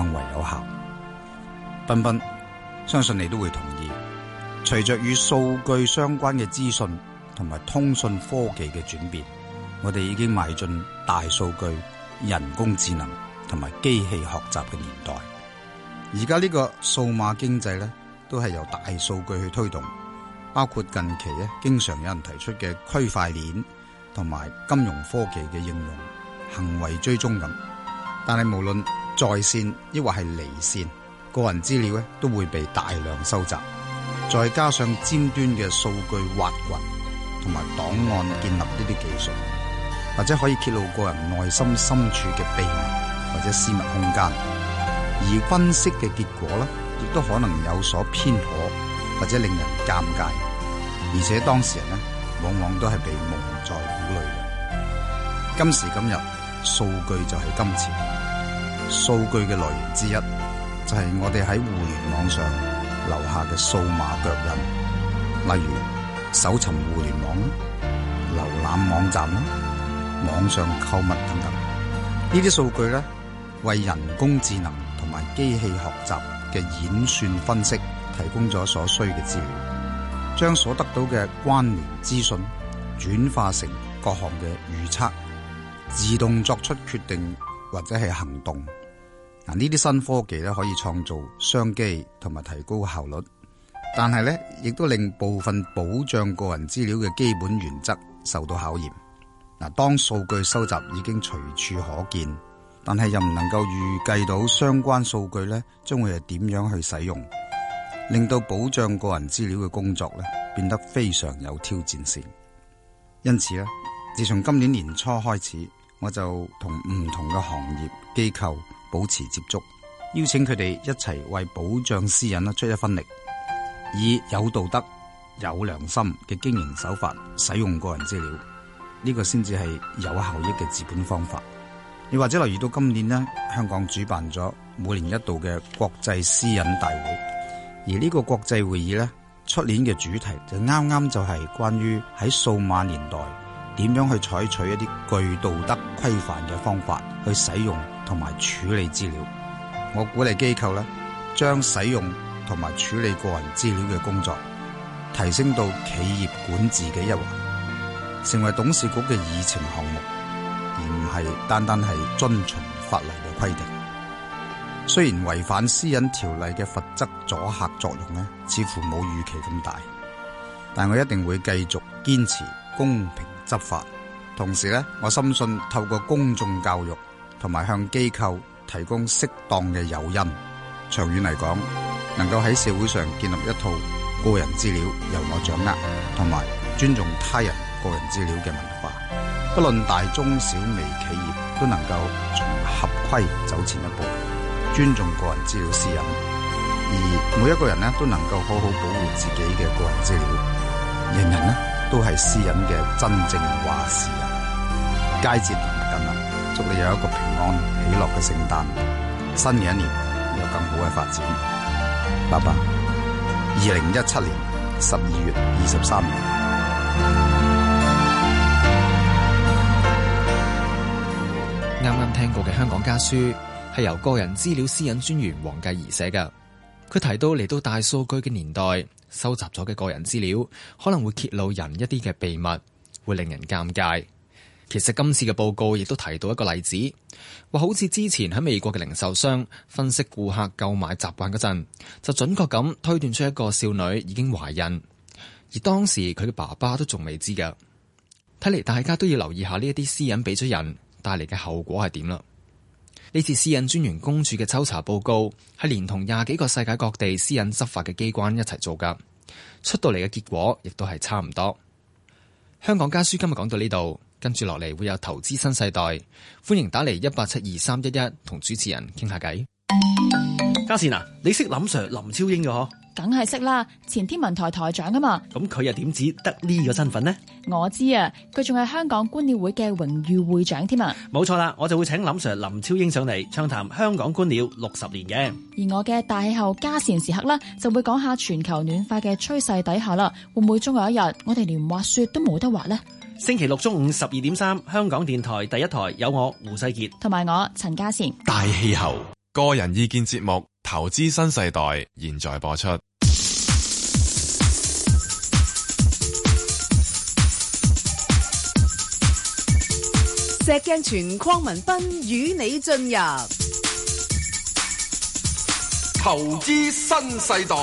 更為有效。彬彬，相信你都會同意。隨着與數據相關嘅資訊同埋通訊科技嘅轉變，我哋已經邁進大數據、人工智能同埋機器學習嘅年代。而家呢個數碼經濟咧，都係由大數據去推動，包括近期咧經常有人提出嘅區塊鏈同埋金融科技嘅應用、行為追蹤咁。但係無論在線抑或係離線，個人資料咧都會被大量收集，再加上尖端嘅數據挖掘同埋檔案建立呢啲技術，或者可以揭露個人內心深處嘅秘密或者私密空間，而分析嘅結果咧亦都可能有所偏頗或者令人尷尬，而且當事人呢，往往都係被蒙在鼓裏嘅。今時今日，數據就係金錢。數據嘅來源之一就係我哋喺互聯網上留下嘅數碼腳印，例如搜尋互聯網啦、瀏覽網站啦、網上購物等等。呢啲數據咧，為人工智能同埋機器學習嘅演算分析提供咗所需嘅資料，將所得到嘅關聯資訊轉化成各項嘅預測，自動作出決定或者係行動。呢啲新科技咧可以創造商機同埋提高效率，但係咧亦都令部分保障個人資料嘅基本原則受到考驗。嗱，當數據收集已經隨處可見，但係又唔能夠預計到相關數據咧將會係點樣去使用，令到保障個人資料嘅工作咧變得非常有挑戰性。因此咧，自從今年年初開始，我就同唔同嘅行業機構，保持接觸，邀請佢哋一齊為保障私隱啦出一分力，以有道德、有良心嘅經營手法使用個人資料，呢個先至係有效益嘅治本方法。你或者留意到今年咧，香港舉辦咗每年一度嘅國際私隱大會，而呢個國際會議咧，出年嘅主題就啱啱就係關於喺數碼年代點樣去採取一啲具道德規範嘅方法去使用同埋處理資料，我鼓勵機構咧將使用同埋處理個人資料嘅工作提升到企業管治嘅一環，成為董事局嘅議程項目，而唔係單單係遵循法例嘅規定。雖然違反私隱條例嘅罰則阻嚇作用咧，似乎冇預期咁大，但我一定會繼續堅持公平執法。同時咧，我深信透過公眾教育。同埋向機構提供適當嘅誘因，長遠嚟講，能夠喺社會上建立一套個人資料由我掌握，同埋尊重他人個人資料嘅文化，不論大中小微企業都能夠從合規走前一步，尊重個人資料私隱，而每一個人呢都能夠好好保護自己嘅個人資料，人人呢都係私隱嘅真正話事人。佳節臨近啦，祝你有一個。安喜樂嘅聖誕，新嘅一年有更好嘅發展。爸爸，二零一七年十二月二十三日，啱啱聽過嘅香港家書係由個人資料私隱專員黃繼兒寫嘅。佢提到嚟到大數據嘅年代，收集咗嘅個人資料可能會揭露人一啲嘅秘密，會令人尷尬。其實今次嘅報告亦都提到一個例子，話好似之前喺美國嘅零售商分析顧客購買習慣嗰陣，就準確咁推斷出一個少女已經懷孕，而當時佢嘅爸爸都仲未知嘅。睇嚟大家都要留意下呢一啲私隱俾咗人帶嚟嘅後果係點啦。呢次私隱專員公署嘅抽查報告係連同廿幾個世界各地私隱執法嘅機關一齊做噶，出到嚟嘅結果亦都係差唔多。香港家書今日講到呢度。跟住落嚟會有投資新世代，歡迎打嚟一八七二三一一同主持人傾下偈。嘉善啊，你識林 Sir 林超英嘅嗬？梗係識啦，前天文台台長啊嘛。咁佢又點止得呢個身份呢？我知啊，佢仲係香港觀鳥會嘅榮譽會長添啊。冇錯啦，我就會請林 Sir 林超英上嚟暢談香港觀鳥六十年嘅。而我嘅大氣候嘉善時刻啦，就會講下全球暖化嘅趨勢底下啦，會唔會終有一日我哋連滑雪都冇得滑呢？星期六中午十二點三，3，香港電台第一台有我胡世杰，同埋我陳嘉善。善大氣候個人意見節目《投資新世代》，現在播出。石鏡泉、鄺民彬與你進入《投資新世代》。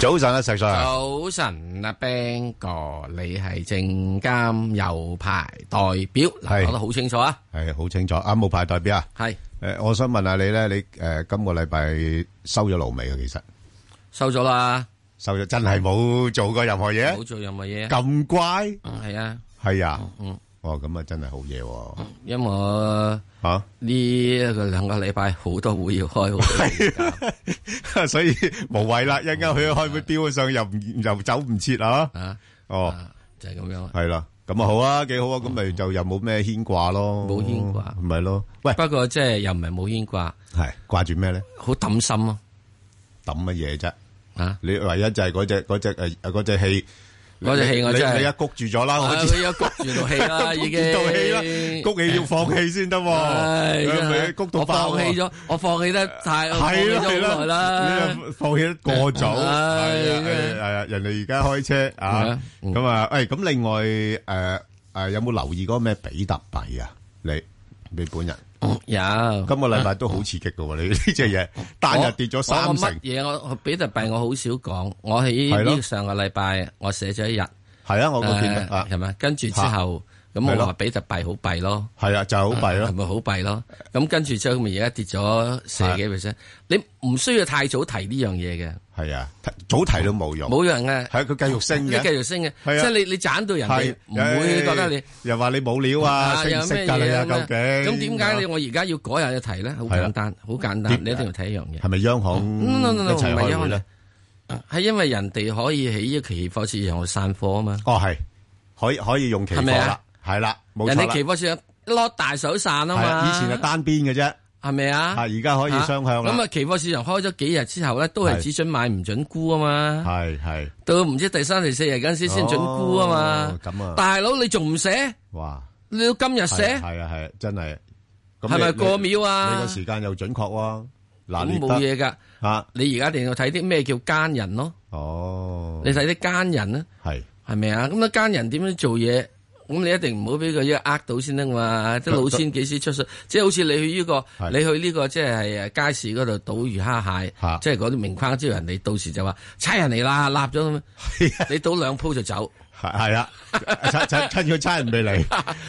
早晨啊，石 Sir。早晨啊，Ben 哥，你係證監有牌代表，嗱講得好清楚啊。係好清楚啊，冇牌代表啊。係誒，我想問下你咧，你誒今個禮拜收咗爐未啊？其實收咗啦，收咗真係冇做過任何嘢？冇做任何嘢，咁乖？係啊，係啊。嗯。哦，咁啊，真係好嘢！因為我呢個兩個禮拜好多會要開，係，所以無謂啦。一陣間去開會，基本上又唔又走唔切啊！啊，哦，就係咁樣，係啦，咁啊好啊，幾好啊，咁咪就又冇咩牽掛咯，冇牽掛，咪咯。喂，不過即係又唔係冇牽掛，係掛住咩咧？好擔心咯，擔乜嘢啫？啊，你唯一就係嗰隻嗰隻誒誒嗰隻戲。嗰台戲我真係一谷住咗啦，我知一谷住套戲啦，已經套戲啦，谷氣要放氣先得，係咪？谷到放棄咗，我放棄得太耐係啦係啦，你放棄得過早，係啊係啊，人哋而家開車啊，咁啊，誒，咁另外誒誒，有冇留意嗰個咩比特幣啊？你你本人？有，yeah, 今個禮拜都好刺激嘅喎，你呢隻嘢單日跌咗三成。嘢我，我，我，我比特幣我好少講，我喺上個禮拜我寫咗一日，係、呃、啊，我冇觀點，係咪？跟住之後咁我話比特幣好幣咯，係啊，就係好幣咯，係咪好幣咯？咁跟住之後咪而家跌咗四十幾 percent，你唔需要太早提呢樣嘢嘅。係啊，早提都冇用，冇用嘅。係佢繼續升嘅，繼續升嘅。即係你你斬到人哋，唔會覺得你又話你冇料啊？咁點解你我而家要改下隻題咧？好簡單，好簡單。你一定要睇一樣嘢，係咪央行一齊開會咧？係因為人哋可以喺呢個期貨市場去散貨啊嘛。哦，係，可可以用期貨啦，係啦，冇錯啦。人哋期貨市場落大手散咯，係啊，以前係單邊嘅啫。係咪啊？啊，而家可以雙向啦。咁啊，期貨市場開咗幾日之後咧，都係只准買唔准沽啊嘛。係係，到唔知第三第四日嗰陣時先准沽啊嘛。咁啊，大佬你仲唔寫？哇！你今日寫？係啊係，真係。咁係咪過秒啊？你個時間又準確哇？嗱，冇嘢噶。啊，你而家一定要睇啲咩叫奸人咯？哦，你睇啲奸人啊？係係咪啊？咁啲奸人點樣做嘢？咁你一定唔好俾佢一呃到先得嘛！啲老千幾時出世？即係好似你去呢、呢個，的你去呢個即係係街市嗰度賭魚蝦蟹，的即係嗰啲名框，知道人哋到時就話差人嚟啦，立咗啦咩？ 你賭兩鋪就走，係啦，趁趁佢差人未嚟，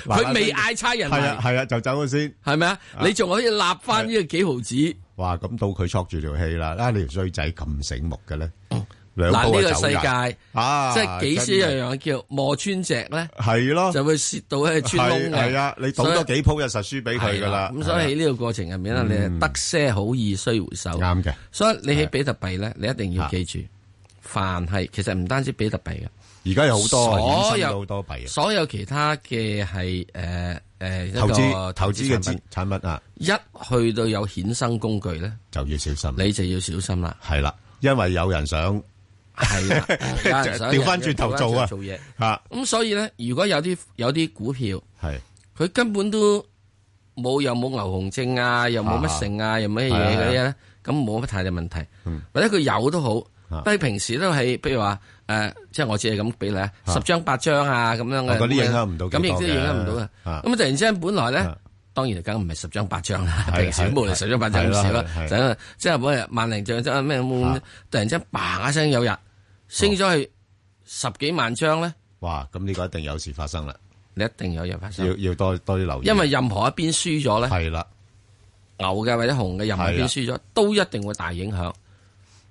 佢未嗌差人，係啊係啊，就走咗先，係咪啊？你仲可以立翻呢個幾毫子？哇！咁到佢撮住條氣啦，你條衰仔咁醒目嘅咧～、哦嗱，呢個世界啊，即係幾時樣樣叫磨穿石咧，係咯，就會蝕到去穿窿嘅。係啊，你賭多幾鋪又實輸俾佢噶啦。咁所以喺呢個過程入面咧，你係得些好易須回收。啱嘅，所以你喺比特幣咧，你一定要記住，凡係其實唔單止比特幣嘅，而家有好多衍生好多幣，所有其他嘅係誒誒投資投資嘅產產品啊，一去到有衍生工具咧，就要小心，你就要小心啦。係啦，因為有人想。係啊，掉翻轉頭做啊，做嘢吓。咁所以咧，如果有啲有啲股票，係佢根本都冇又冇牛熊證啊，又冇乜剩啊，又乜嘢嗰啲咧，咁冇乜太大問題。或者佢有都好，但係平時都係，譬如話誒，即係我只係咁俾你啊，十張八張啊咁樣嘅，嗰啲影響唔到，咁亦都影響唔到啊。咁突然之間本來咧，當然梗唔係十張八張啦，平時冇嚟十張八張咁少啦，即係可能萬零張咗啊咩，突然之間嘭一聲有入。升咗去十幾萬張咧，哇！咁呢個一定有事發生啦，你一定有嘢發生，要要多多啲留意。因為任何一邊輸咗咧，係啦，牛嘅或者紅嘅任何一邊輸咗，都一定會大影響。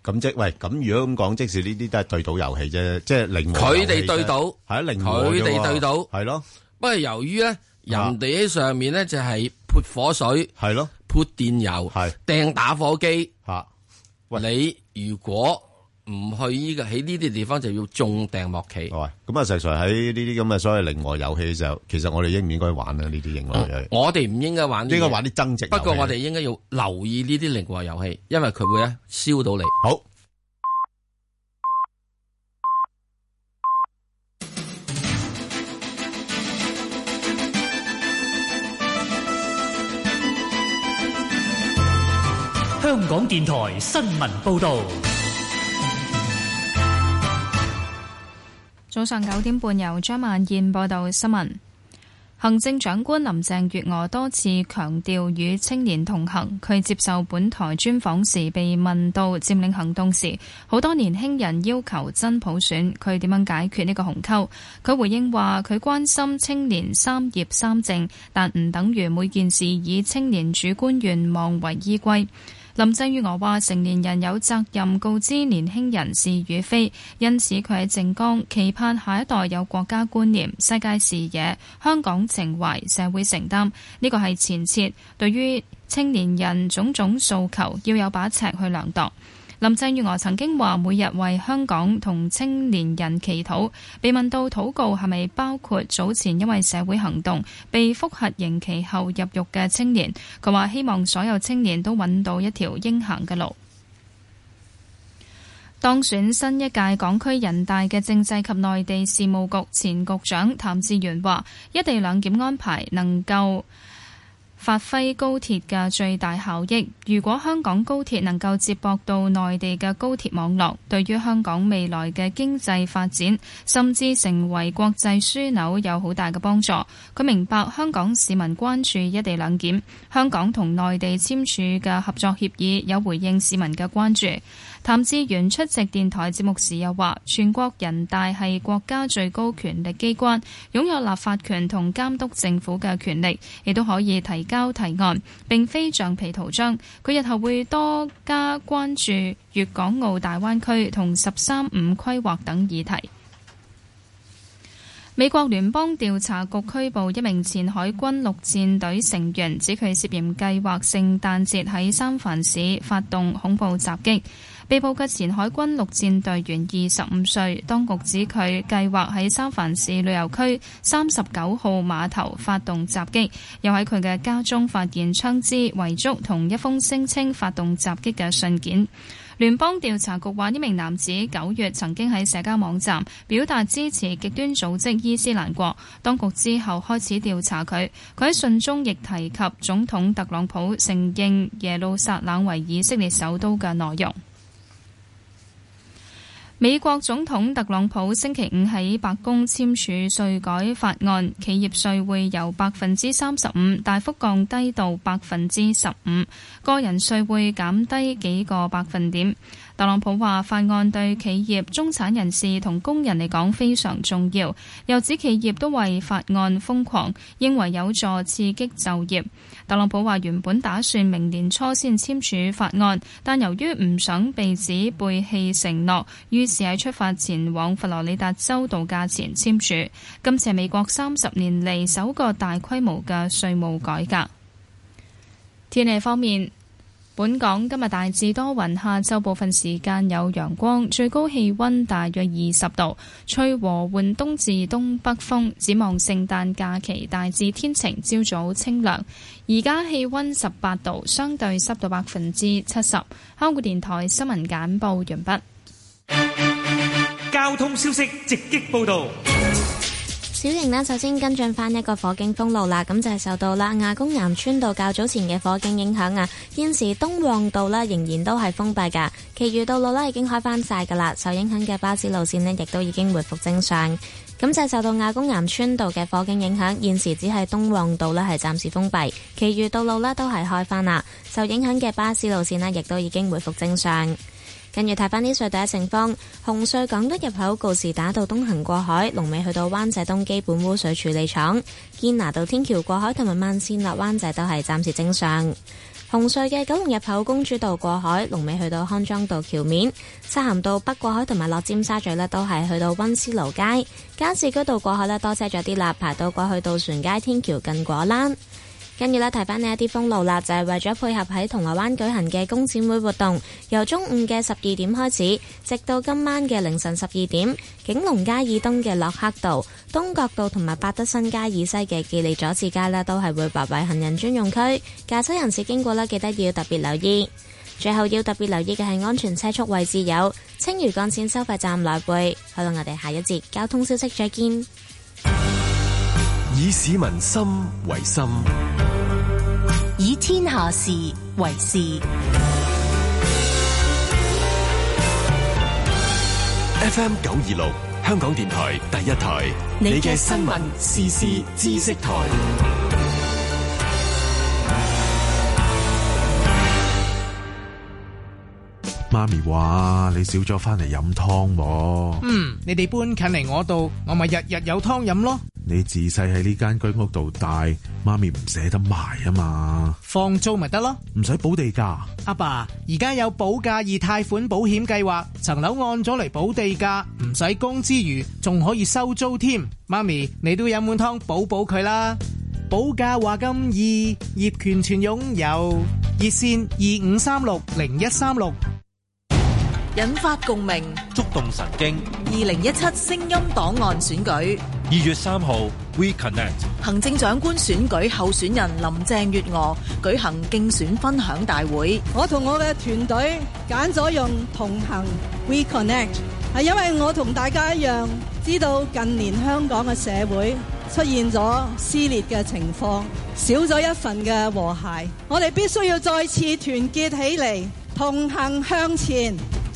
咁即係喂，咁如果咁講，即使呢啲都係對賭遊戲啫，即係零。佢哋對賭係零，佢哋對賭係咯。不過由於咧，人哋喺上面咧就係潑火水，係咯，潑電油，係掟打火機。吓，喂，你如果。唔去呢、這個喺呢啲地方就要中掟莫棋。咁啊、哦，實在喺呢啲咁嘅所謂零和遊戲嘅時候，其實我哋應唔應該玩呢、啊？呢啲零和遊戲，我哋唔應該玩，應該玩啲增值遊戲。不過我哋應該要留意呢啲零和遊戲，因為佢會咧燒到你。好。香港電台新聞報道。早上九點半，由張曼燕報道新聞。行政長官林鄭月娥多次強調與青年同行。佢接受本台專訪時，被問到佔領行動時，好多年輕人要求真普選，佢點樣解決呢個鴻溝？佢回應話：佢關心青年三業三政，但唔等於每件事以青年主觀願望為依歸。林鄭月娥我話：成年人有責任告知年輕人是與非，因此佢喺政綱，期盼下一代有國家觀念、世界視野、香港情懷、社會承擔。呢、這個係前設，對於青年人種種訴求，要有把尺去量度。林鄭月娥曾經話：每日為香港同青年人祈禱。被問到禱告係咪包括早前因為社會行動被複核刑期後入獄嘅青年，佢話希望所有青年都揾到一條應行嘅路。當選新一屆港區人大嘅政制及內地事務局前局長譚志源話：一地兩檢安排能夠發揮高鐵嘅最大效益。如果香港高鐵能夠接駁到內地嘅高鐵網絡，對於香港未來嘅經濟發展，甚至成為國際樞紐，有好大嘅幫助。佢明白香港市民關注一地兩檢，香港同內地簽署嘅合作協議有回應市民嘅關注。譚志源出席電台節目時又話：全國人大係國家最高權力機關，擁有立法權同監督政府嘅權力，亦都可以提交提案，並非橡皮圖章。佢日後會多加關注粵港澳大灣區同「十三五」規劃等議題。美國聯邦調查局拘捕一名前海軍陸戰隊成員，指佢涉嫌計劃聖誕節喺三藩市發動恐怖襲擊。被捕嘅前海軍陸戰隊員二十五歲，當局指佢計劃喺三藩市旅遊區三十九號碼頭發動襲擊，又喺佢嘅家中發現槍支、遺囑同一封聲稱發動襲擊嘅信件。聯邦調查局話呢名男子九月曾經喺社交網站表達支持極端組織伊斯蘭國，當局之後開始調查佢。佢喺信中亦提及總統特朗普承認耶路撒冷為以色列首都嘅內容。美國總統特朗普星期五喺白宮簽署稅改法案，企業稅會由百分之三十五大幅降低到百分之十五，個人稅會減低幾個百分點。特朗普話法案對企業、中產人士同工人嚟講非常重要，又指企業都為法案瘋狂，認為有助刺激就業。特朗普話原本打算明年初先簽署法案，但由於唔想被指背棄承諾，於是喺出發前往佛羅里達州度假前簽署。今次係美國三十年嚟首個大規模嘅稅務改革。天氣方面。本港今日大致多雲，下晝部分時間有陽光，最高氣溫大約二十度，吹和緩東至東北風。展望聖誕假期大致天晴，朝早清涼。而家氣溫十八度，相對濕度百分之七十。香港電台新聞簡報完畢，完畢。交通消息直擊報道。小瑩呢，首先跟進返一個火警封路啦，咁就係受到啦亞公岩村道較早前嘅火警影響啊，現時東旺道呢，仍然都係封閉噶，其餘道路呢，已經開返晒噶啦，受影響嘅巴士路線呢，亦都已經回復正常。咁就係受到亞公岩村道嘅火警影響，現時只係東旺道呢，係暫時封閉，其餘道路呢，都係開返啦，受影響嘅巴士路線呢，亦都已經回復正常。跟住睇翻啲隧道嘅情況，紅隧港島入口告士打道東行過海，龍尾去到灣仔東基本污水處理廠；堅拿道天橋過海同埋慢線啦，灣仔都係暫時正常。紅隧嘅九龍入口公主道過海，龍尾去到康莊道橋面；漆咸道北過海同埋落尖沙咀咧，都係去到溫斯勞街；加士居道過海咧多車咗啲啦，排到過去渡船街天橋近果欄。跟住啦，提翻呢一啲封路啦，就係為咗配合喺銅鑼灣舉行嘅工展會活動，由中午嘅十二點開始，直到今晚嘅凌晨十二點，景隆街以東嘅洛克道、東角道同埋百德新街以西嘅紀利佐治街呢，都係會劃為行人專用區，駕駛人士經過呢，記得要特別留意。最後要特別留意嘅係安全車速位置有青嶼幹線收費站來回。好啦，我哋下一節交通消息再見。以市民心為心。天下事為事，FM 九二六香港電台第一台，你嘅新聞時事知識台。媽咪話你少咗翻嚟飲湯，嗯，你哋搬近嚟我度，我咪日日有湯飲咯。你自細喺呢間居屋度大，媽咪唔捨得賣啊嘛，放租咪得咯，唔使補地價。阿爸，爸，而家有保價易貸款保險計劃，層樓按咗嚟補地價，唔使供之餘，仲可以收租添。媽咪，你都飲碗湯，補補佢啦。保價話咁易，業權全擁有，熱線二五三六零一三六。引發共鳴，觸動神經。二零一七聲音檔案選舉，二月三號，We Connect 行政長官選舉候選人林鄭月娥舉行競選分享大會。我同我嘅團隊揀咗用同行 We Connect，係因為我同大家一樣知道近年香港嘅社會出現咗撕裂嘅情況，少咗一份嘅和諧。我哋必須要再次團結起嚟，同行向前。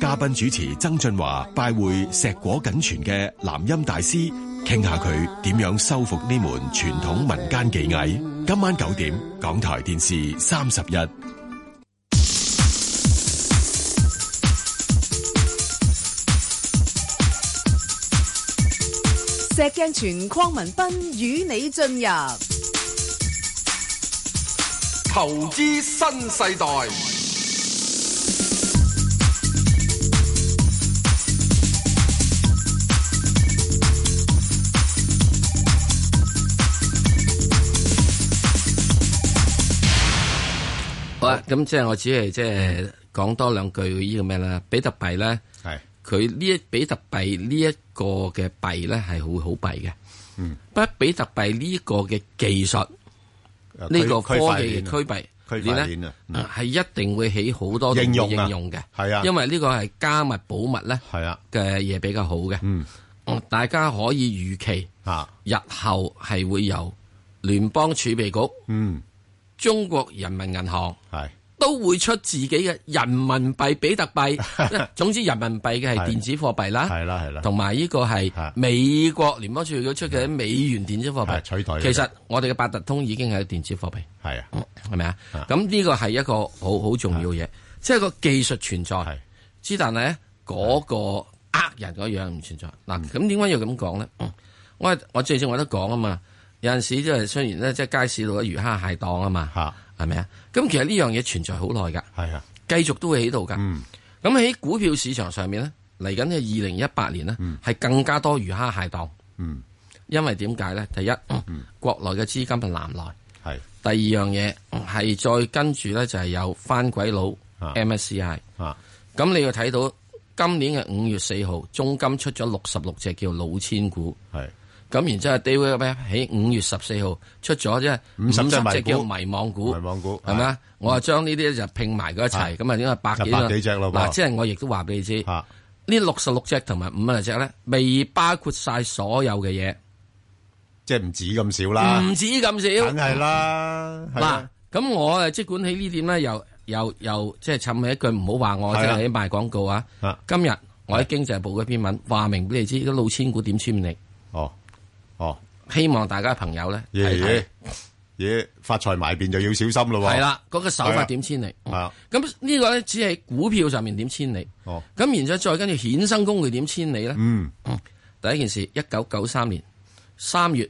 嘉賓主持曾俊華拜會碩果僅存嘅南音大師，傾下佢點樣修復呢門傳統民間技藝。今晚九點，港台電視三十一，石鏡泉鄺民彬與你進入投資新世代。咁即係我只係即係講多兩句呢個咩咧？比特幣咧，係佢呢比特幣呢一個嘅幣咧係會好弊嘅。嗯，不比特幣呢個嘅技術，呢區個科技區塊鏈區塊鏈咧係一定會起好多應用嘅。係啊，因為呢個係加密保密咧，係啊嘅嘢比較好嘅。嗯，嗯大家可以預期吓日後係會有聯邦儲備局嗯。嗯中國人民銀行係都會出自己嘅人民幣比特幣，總之人民幣嘅係電子貨幣啦，係啦係啦，同埋呢個係美國聯邦儲備局出嘅美元電子貨幣，取代。其實我哋嘅八達通已經係電子貨幣，係啊，係咪啊？咁呢個係一個好好重要嘅嘢，即係個技術存在，之但係嗰個呃人嗰樣唔存在。嗱，咁點解要咁講咧？我我最近我都講啊嘛。有陣時即係雖然咧，即係街市度嘅魚蝦蟹檔啊嘛，係咪啊？咁其實呢樣嘢存在好耐噶，係啊，繼續都會喺度噶。嗯，咁喺股票市場上面咧，嚟緊嘅二零一八年呢，係更加多魚蝦蟹檔。嗯，因為點解咧？第一，國內嘅資金係南來。係。第二樣嘢係再跟住咧，就係有翻鬼佬 MSCI。啊。咁你要睇到今年嘅五月四號，中金出咗六十六隻叫老千股。係。咁然之後，David 咧喺五月十四號出咗啫，咁就即係叫迷惘股，迷惘股係咪啊？我啊將呢啲就拼埋佢一齊，咁啊應該百幾隻啦，嗱，即係我亦都話俾你知，呢六十六隻同埋五十隻咧，未包括晒所有嘅嘢，即係唔止咁少啦，唔止咁少，梗係啦。嗱，咁我啊，即管喺呢點咧，又又又即係趁起一句唔好話我，即係賣廣告啊。今日我喺經濟部嘅篇文話明俾你知，都老千股點穿你哦。哦，希望大家朋友咧，嘢嘢嘢發財埋便就要小心咯。係啦，嗰、嗰個手法點千里？啊，咁、嗯啊、呢個咧只係股票上面點千里？哦，咁然後再再跟住衍生工具點千里咧？嗯，嗯第一件事，一九九三年三月。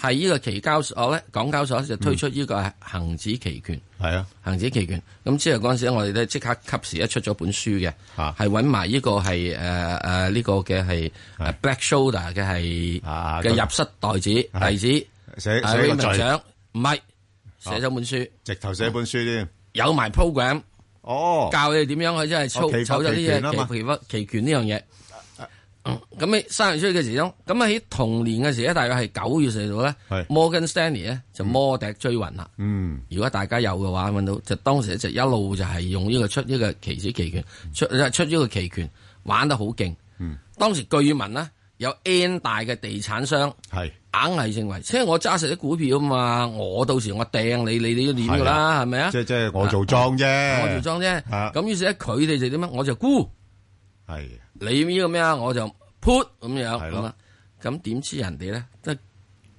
係呢個期交所咧，港交所就推出呢個恆指期權。係啊，恆指期權。咁之後嗰陣時我哋咧即刻及時一出咗本書嘅，係揾埋呢個係誒誒呢個嘅係誒 Black Shoulder 嘅係嘅入室袋子例子，寫咗一本獎，唔係寫咗本書，直頭寫本書添，有埋 program 哦，教你點樣去即係操操作呢樣嘢，期權呢樣嘢。咁你生完出嘅時候，咁啊喺同年嘅時咧，大約係九月四號咧，摩根士丹利咧就摩笛追云啦。嗯，如果大家有嘅話，搵到就當時一直一路就係用呢個出呢個期指期權出出呢個期權玩得好勁。嗯，當時據聞咧有 N 大嘅地產商係是硬係認為，即係我揸實啲股票啊嘛，我到時我掟你，你哋都點噶啦，係咪啊？吧即係即係我做莊啫，啊、我做莊啫。咁於、啊、是咧，佢哋就點樣？我就估，係是是你呢個咩啊？我就。潑咁樣，咁點知人哋咧？即係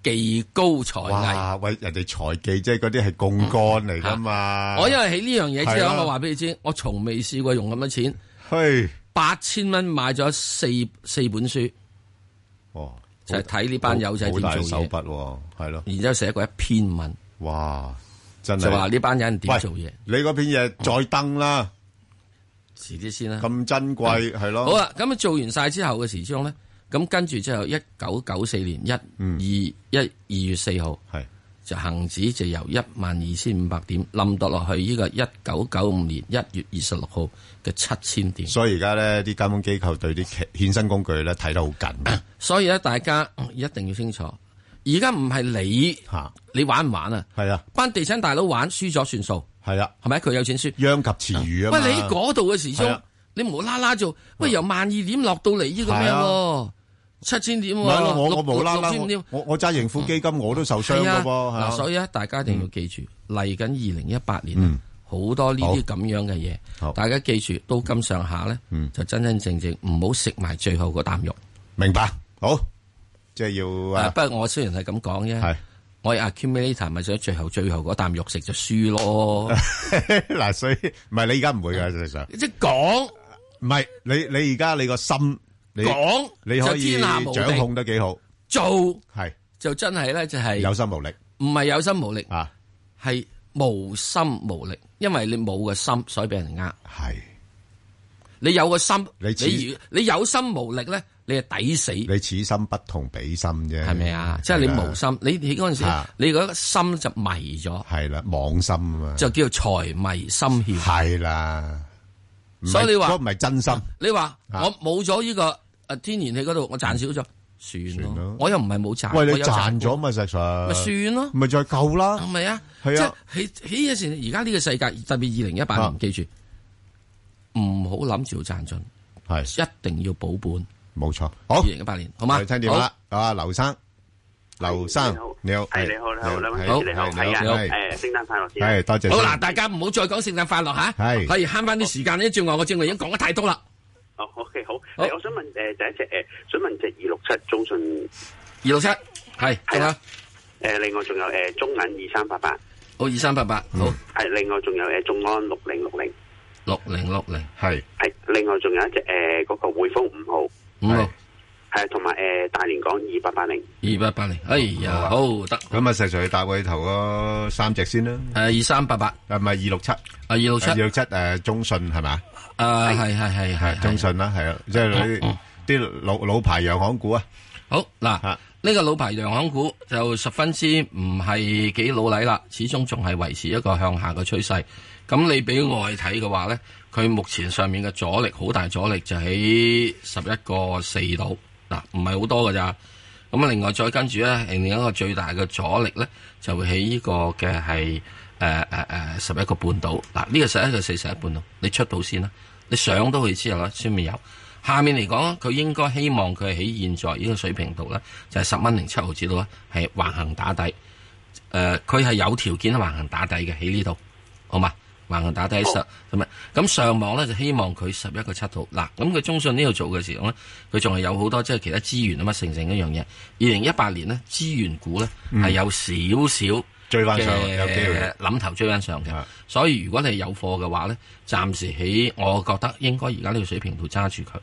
技高才藝。哇，喂，人哋才技即係嗰啲係槓桿嚟噶嘛？我因為喺呢樣嘢之後，我話俾你知，我從未試過用咁多錢，八千蚊買咗四四本書。哦，就係睇呢班友仔點做手筆，係咯，然之後寫過一篇文。哇，真係話呢班人點做嘢。你嗰篇嘢再登啦。遲啲先啦、啊，咁珍貴係是咯。好啦、啊，咁啊做完晒之後嘅時鐘咧，咁跟住之後一九九四年一二一二月四號，係是就恒指就由一萬二千五百點冧到落去呢個一九九五年一月二十六號嘅七千點。點所以而家咧啲監管機構對啲衍生工具咧睇得好緊。 所以咧，大家一定要清楚。而家唔係你，你玩唔玩啊？係啊，班地產大佬玩，輸咗算數。係啊，係咪佢有錢輸殃及池魚啊？喂，你嗰度嘅時鐘，你無啦啦做。喂由萬二點落到嚟呢個咩？七千點喎，我我無啦啦，我我揸盈富基金，我都受傷噶噃。嗱，所以咧，大家一定要記住，嚟緊二零一八年，好多呢啲咁樣嘅嘢，大家記住，到咁上下咧，就真真正正唔好食埋最後個啖肉。明白，好。即係要，不過我雖然係咁講啫，我 accumulator 咪想最後最後嗰啖肉食就輸咯。嗱，所以唔係你而家唔會噶，實際上即係講，唔係你你而家你個心你講，你可以掌控得幾好做，係就真係咧，就係有心無力，唔係有心無力啊，係無心無力，因為你冇個心，所以俾人呃。係你有個心，你如你有心無力咧。你抵死，你此心不同彼心啫，係咪啊？即係你無心，你你嗰陣時，你嗰個心就迷咗，係啦，妄心啊嘛，就叫財迷心竅，係啦。所以你話嗰個唔係真心，你話我冇咗呢個誒天然氣嗰度，我賺少咗，算咯。我又唔係冇賺，喂，你賺咗嘛，實際上咪算咯，咪再夠啦，唔係啊？係啊，起起嘢時，而家呢個世界特別二零一八年，記住唔好諗住要賺盡，係一定要保本。冇錯，好，二零一八年，好嘛？聽電話，阿劉生，劉生，你好，係你好，你好，你好，你好，係啊，誒，聖誕快樂，先，多謝，好嗱，大家唔好再講聖誕快樂吓，係，可以慳翻啲時間咧。之外，我之外已經講得太多啦。哦，OK，好，誒，我想問誒，第一隻誒，想問隻二六七中信，二六七，係係嘛？誒，另外仲有誒，中銀二三八八，好，二三八八，好，係另外仲有誒，眾安六零六零，六零六零，係係，另外仲有一隻誒，嗰個匯豐五號。五六係啊，同埋誒，大連港二八八零，二八八零，哎呀，好得，咁啊，實在去搭佢頭三隻先啦。誒，二三八八，唔係二六七？啊，二六七，二六七，誒，中信係咪？誒，係係係係，中信啦，係啊，即係你啲老老牌洋行股啊。好嗱，呢個老牌洋行股就十分之唔係幾老利啦，始終仲係維持一個向下嘅趨勢。咁你俾我去睇嘅話咧？佢目前上面嘅阻力好大，阻力就喺十一個四度嗱，唔係好多㗎咋。咁啊，另外再跟住咧，另一個最大嘅阻力咧，就會喺呢個嘅係誒誒誒十一個半度嗱，呢個十一個四十一半度，你出到先啦，你上到去之後咧，先面有下面嚟講，佢應該希望佢喺現在呢個水平度咧，就係十蚊零七毫子度咧，係橫行打底，誒、呃，佢係有條件橫行打底嘅喺呢度，好嘛？橫打底十咁啊，咁、哦、上網咧就希望佢十一個七度嗱，咁佢中信呢度做嘅時候咧，佢仲係有好多即係其他資源啊嘛，成成一樣嘢。二零一八年資呢，資源股咧係有少少追翻上嘅諗、呃、頭追翻上嘅，的所以如果你有貨嘅話咧，暫時喺我覺得應該而家呢個水平度揸住佢，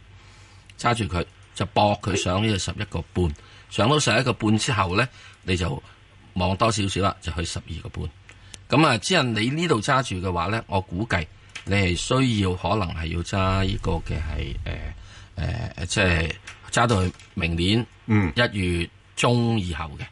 揸住佢就博佢上呢個十一個半，上到十一個半之後咧，你就望多少少啦，就去十二個半。咁啊，只係你呢度揸住嘅話咧，我估計你係需要可能係要揸呢個嘅係誒誒，即係揸到去明年嗯一月中以後嘅，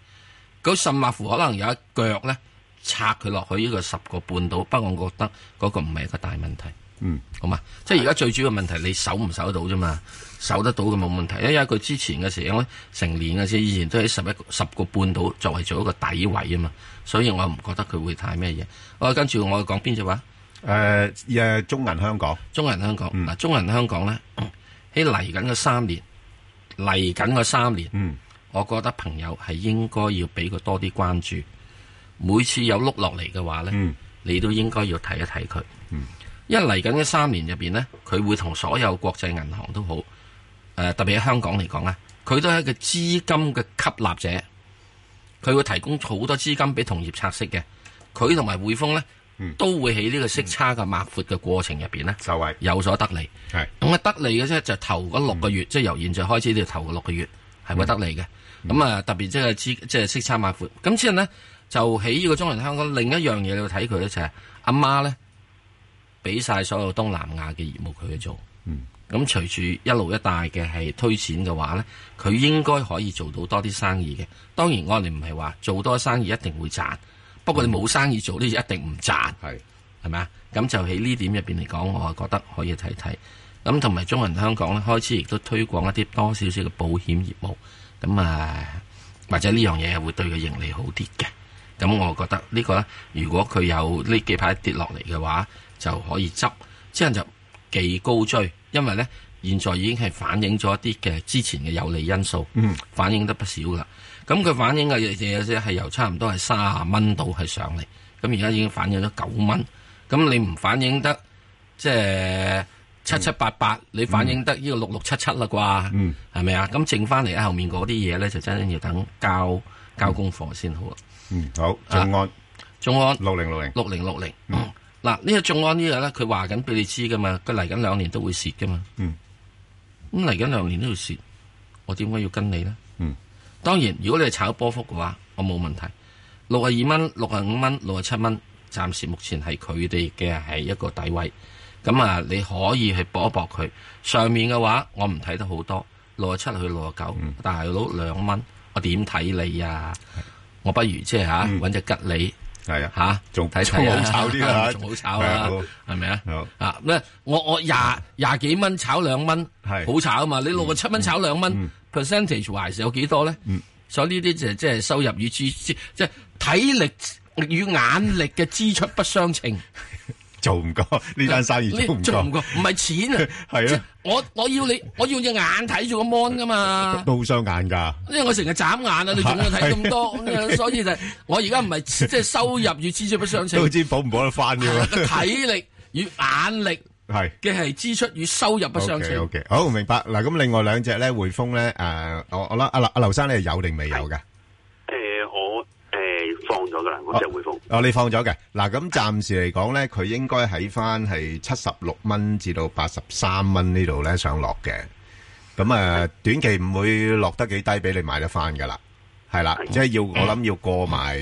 咁、嗯、甚或乎可能有一腳咧，拆佢落去呢個十個半度，不過我覺得嗰個唔係一個大問題嗯，好嘛，即係而家最主要嘅問題你守唔守得到啫嘛，守得到嘅冇問題，因為佢之前嘅時候咧成年嘅，即係以前都喺十一個十個半度作為做一個底位啊嘛。所以我唔覺得佢會太咩嘢。啊、我跟住我要講邊隻話？誒、呃、中銀香港，中銀香港嗱，嗯、中銀香港咧喺嚟緊嘅三年，嚟緊嘅三年，嗯、我覺得朋友係應該要俾佢多啲關注。每次有碌落嚟嘅話咧，嗯、你都應該要睇一睇佢。因為嚟緊嘅三年入邊咧，佢會同所有國際銀行都好，誒、呃、特別喺香港嚟講咧，佢都係一個資金嘅吸納者。佢會提供好多資金俾同業拆息嘅，佢同埋匯豐咧，都會喺呢個息差嘅抹闊嘅過程入邊咧，就係、嗯、有所得利。係咁啊，嗯、得利嘅啫，就頭嗰六個月，嗯、即係由現在開始呢度頭六個月，係會、嗯、得利嘅。咁啊、嗯，嗯、特別即係資即係息差抹闊。咁之後咧，就喺呢個中銀香港、嗯、另一樣嘢，你睇佢咧就係、是、阿媽咧，俾晒所有東南亞嘅業務佢去做。嗯嗯咁隨住一路一帶嘅係推錢嘅話呢，佢應該可以做到多啲生意嘅。當然，我哋唔係話做多生意一定會賺，不過你冇生意做呢，就一定唔賺係係咪啊？咁是就喺呢點入邊嚟講，我係覺得可以睇睇咁，同埋中銀香港咧，開始亦都推廣一啲多少少嘅保險業務咁啊，或者呢樣嘢係會對佢盈利好啲嘅。咁我覺得呢個呢，如果佢有呢幾排跌落嚟嘅話，就可以執，即係就忌高追。因為咧、嗯，現在已經係反映咗一啲嘅之前嘅有利因素，反映得不少噶。咁佢反映嘅嘢嘢係由差唔多係卅蚊到係上嚟，咁而家已經反映咗九蚊。咁你唔反映得，即係七七八八，你反映得呢個六六七七啦啩？係咪啊？咁剩翻嚟喺後面嗰啲嘢咧，就真係要等交交功課先好啊。嗯，好，中安，中、啊、安，六零六零，六零六零。嗱，呢個呢一眾安呢嘢咧，佢話緊俾你知噶嘛，佢嚟緊兩年都會蝕噶嘛。嗯。咁嚟緊兩年都要蝕，我點解要跟你咧？嗯。當然，如果你係炒波幅嘅話，我冇問題。六啊二蚊、六啊五蚊、六啊七蚊，暫時目前係佢哋嘅係一個底位。咁啊，你可以去搏一搏佢。上面嘅話我 69,、嗯，我唔睇得好多。六啊七去六啊九，大佬兩蚊，我點睇你啊？是我不如即係吓搵隻吉利。係啊，吓仲睇睇好炒啲吓、啊，仲、啊、好炒啊，係咪啊？好啊，咁、啊啊、我我廿廿幾蚊炒兩蚊，係是好炒啊嘛！你六個七蚊炒兩蚊、嗯嗯，percentage wise 有幾多咧？嗯、所以呢啲就即係收入與支即係體力與眼力嘅支出不相稱。 做唔過呢單生意做唔過，唔係 錢啊，係 啊！我我要你，我要隻眼睇住個 mon 噶嘛， 都好傷眼㗎。因為我成日眨眼啊，你仲要睇咁多， 所以就我而家唔係即係收入與支出不相稱。 都知補唔補得翻㗎？體力與眼力係嘅係支出與收入不相稱。 okay, OK，好明白嗱。咁另外兩隻咧，匯豐咧，誒、呃，我我諗阿劉阿劉生你係有定未有㗎？冇，即係回覆。哦，你放咗嘅嗱，咁暫時嚟講咧，佢應該喺翻係七十六蚊至到八十三蚊呢度咧上落嘅。咁啊，嗯嗯啊嗯、短期唔會落得幾低，俾你買得翻噶啦。係、嗯、啦、嗯嗯嗯呃啊，即係要我諗要過埋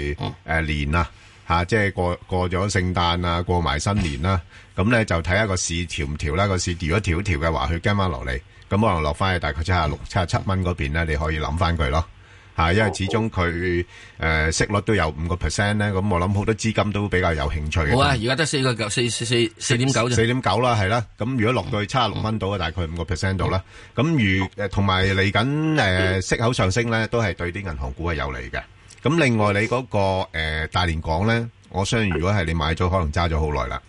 誒年啦，吓即係過過咗聖誕啊，過埋新年啦。咁、嗯、咧、嗯嗯、就睇下個市調唔調啦。個市調一調一調嘅話，佢跟翻落嚟，咁可能落翻去大概七啊六、七啊七蚊嗰邊咧，你可以諗翻佢咯。係，因為始終佢誒息率都有五個 percent 咧，咁我諗好多資金都比較有興趣。好啊，而家得四個九四四四四點九就四點九啦，係啦。咁如果落到去七十六蚊到啊，大概五個 percent 到啦。咁如誒同埋嚟緊誒息口上升咧，都係對啲銀行股係有利嘅。咁另外你嗰個誒大連港咧，我相信如果係你買咗，可能揸咗好耐啦。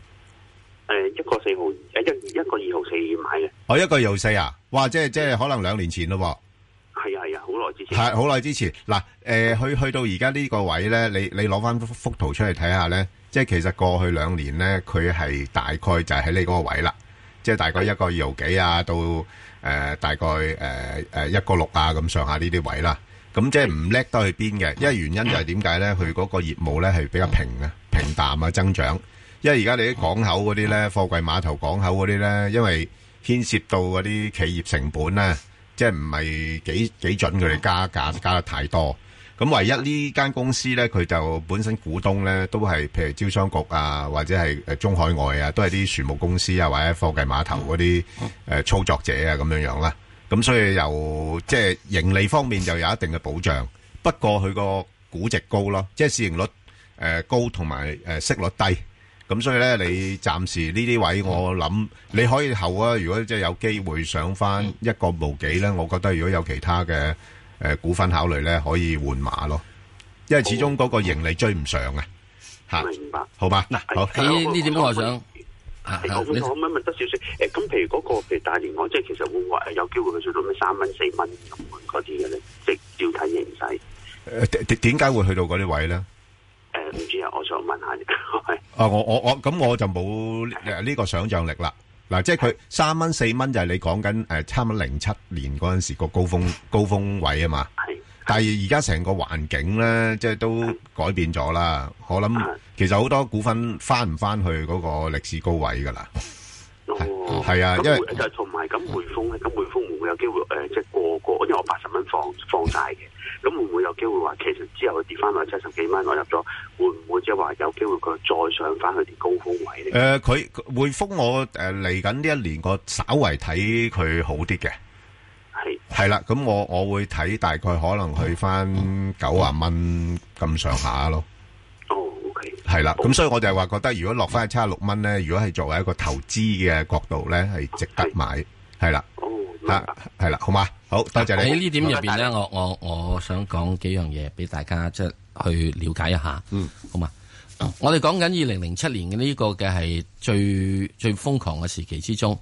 誒，一個四毫二，一月一個二毫四買嘅。哦一個二毫四啊，哇！即係即係可能兩年前咯。係好耐之前嗱，誒、呃，去去到而家呢個位呢，你你攞翻幅圖出嚟睇下呢。即係其實過去兩年呢，佢係大概就喺你嗰個位啦，即係大概一個二毫幾啊，到誒、呃、大概誒誒、呃、一個六啊咁上下呢啲位啦，咁即係唔叻得去邊嘅，因為原因就係點解呢？佢嗰個業務呢係比較平啊、平淡啊增長，因為而家你啲港口嗰啲呢，貨櫃碼頭港口嗰啲呢，因為牽涉到嗰啲企業成本呢。即係唔係幾幾準佢哋加價加得太多咁，唯一呢間公司咧，佢就本身股東咧都係譬如招商局啊，或者係誒中海外啊，都係啲船務公司啊，或者貨櫃碼頭嗰啲誒操作者啊咁樣樣啦。咁所以又即係盈利方面就有一定嘅保障，不過佢個估值高咯，即係市盈率誒高，同埋誒息率低。咁所以咧，你暫時呢啲位我諗你可以後啊，如果即係有機會上翻一個無幾咧，我覺得如果有其他嘅誒股份考慮咧，可以換馬咯，因為始終嗰個盈利追唔上啊，嚇，明白，好吧？嗱，好，呢呢點我想，我唔講，唔係唔得少少。誒，咁譬如嗰個譬如大連港，即係其實會話有機會去做到咩三蚊四蚊咁嗰啲嘅咧，即係照睇形勢。誒點點點解會去到嗰啲位咧？唔知啊，我想問下你。啊，我我我咁我就冇誒呢個想象力啦。嗱，即係佢三蚊四蚊就係你講緊誒，差唔多零七年嗰陣時個高峰高峰位啊嘛。係，但係而家成個環境咧，即係都改變咗啦。我諗其實好多股份翻唔翻去嗰個歷史高位噶啦。哦，係啊，因為就同埋咁匯豐咧，咁匯豐會唔會有機會誒即係過過？因為我八十蚊放放晒嘅。咁會唔會有機會話，其實之後佢跌翻落七十幾蚊，我入咗，會唔會即係話有機會佢再上翻去啲高峰位咧？誒，佢回覆我誒嚟緊呢一年，我稍為睇佢好啲嘅，係係啦。咁我我會睇大概可能去翻九十蚊咁上下咯。哦，OK。係啦，咁所以我就係話覺得，如果落翻去七十六蚊咧，如果係作為一個投資嘅角度咧，係值得買。係啦，啊，係啦，好嘛。好，多謝，謝你。喺呢點入邊咧，我我我想講幾樣嘢，俾大家即係去了解一下。啊、嗯，好嘛嗎。啊、我哋講緊二零零七年嘅呢個嘅係最最瘋狂嘅時期之中，誒、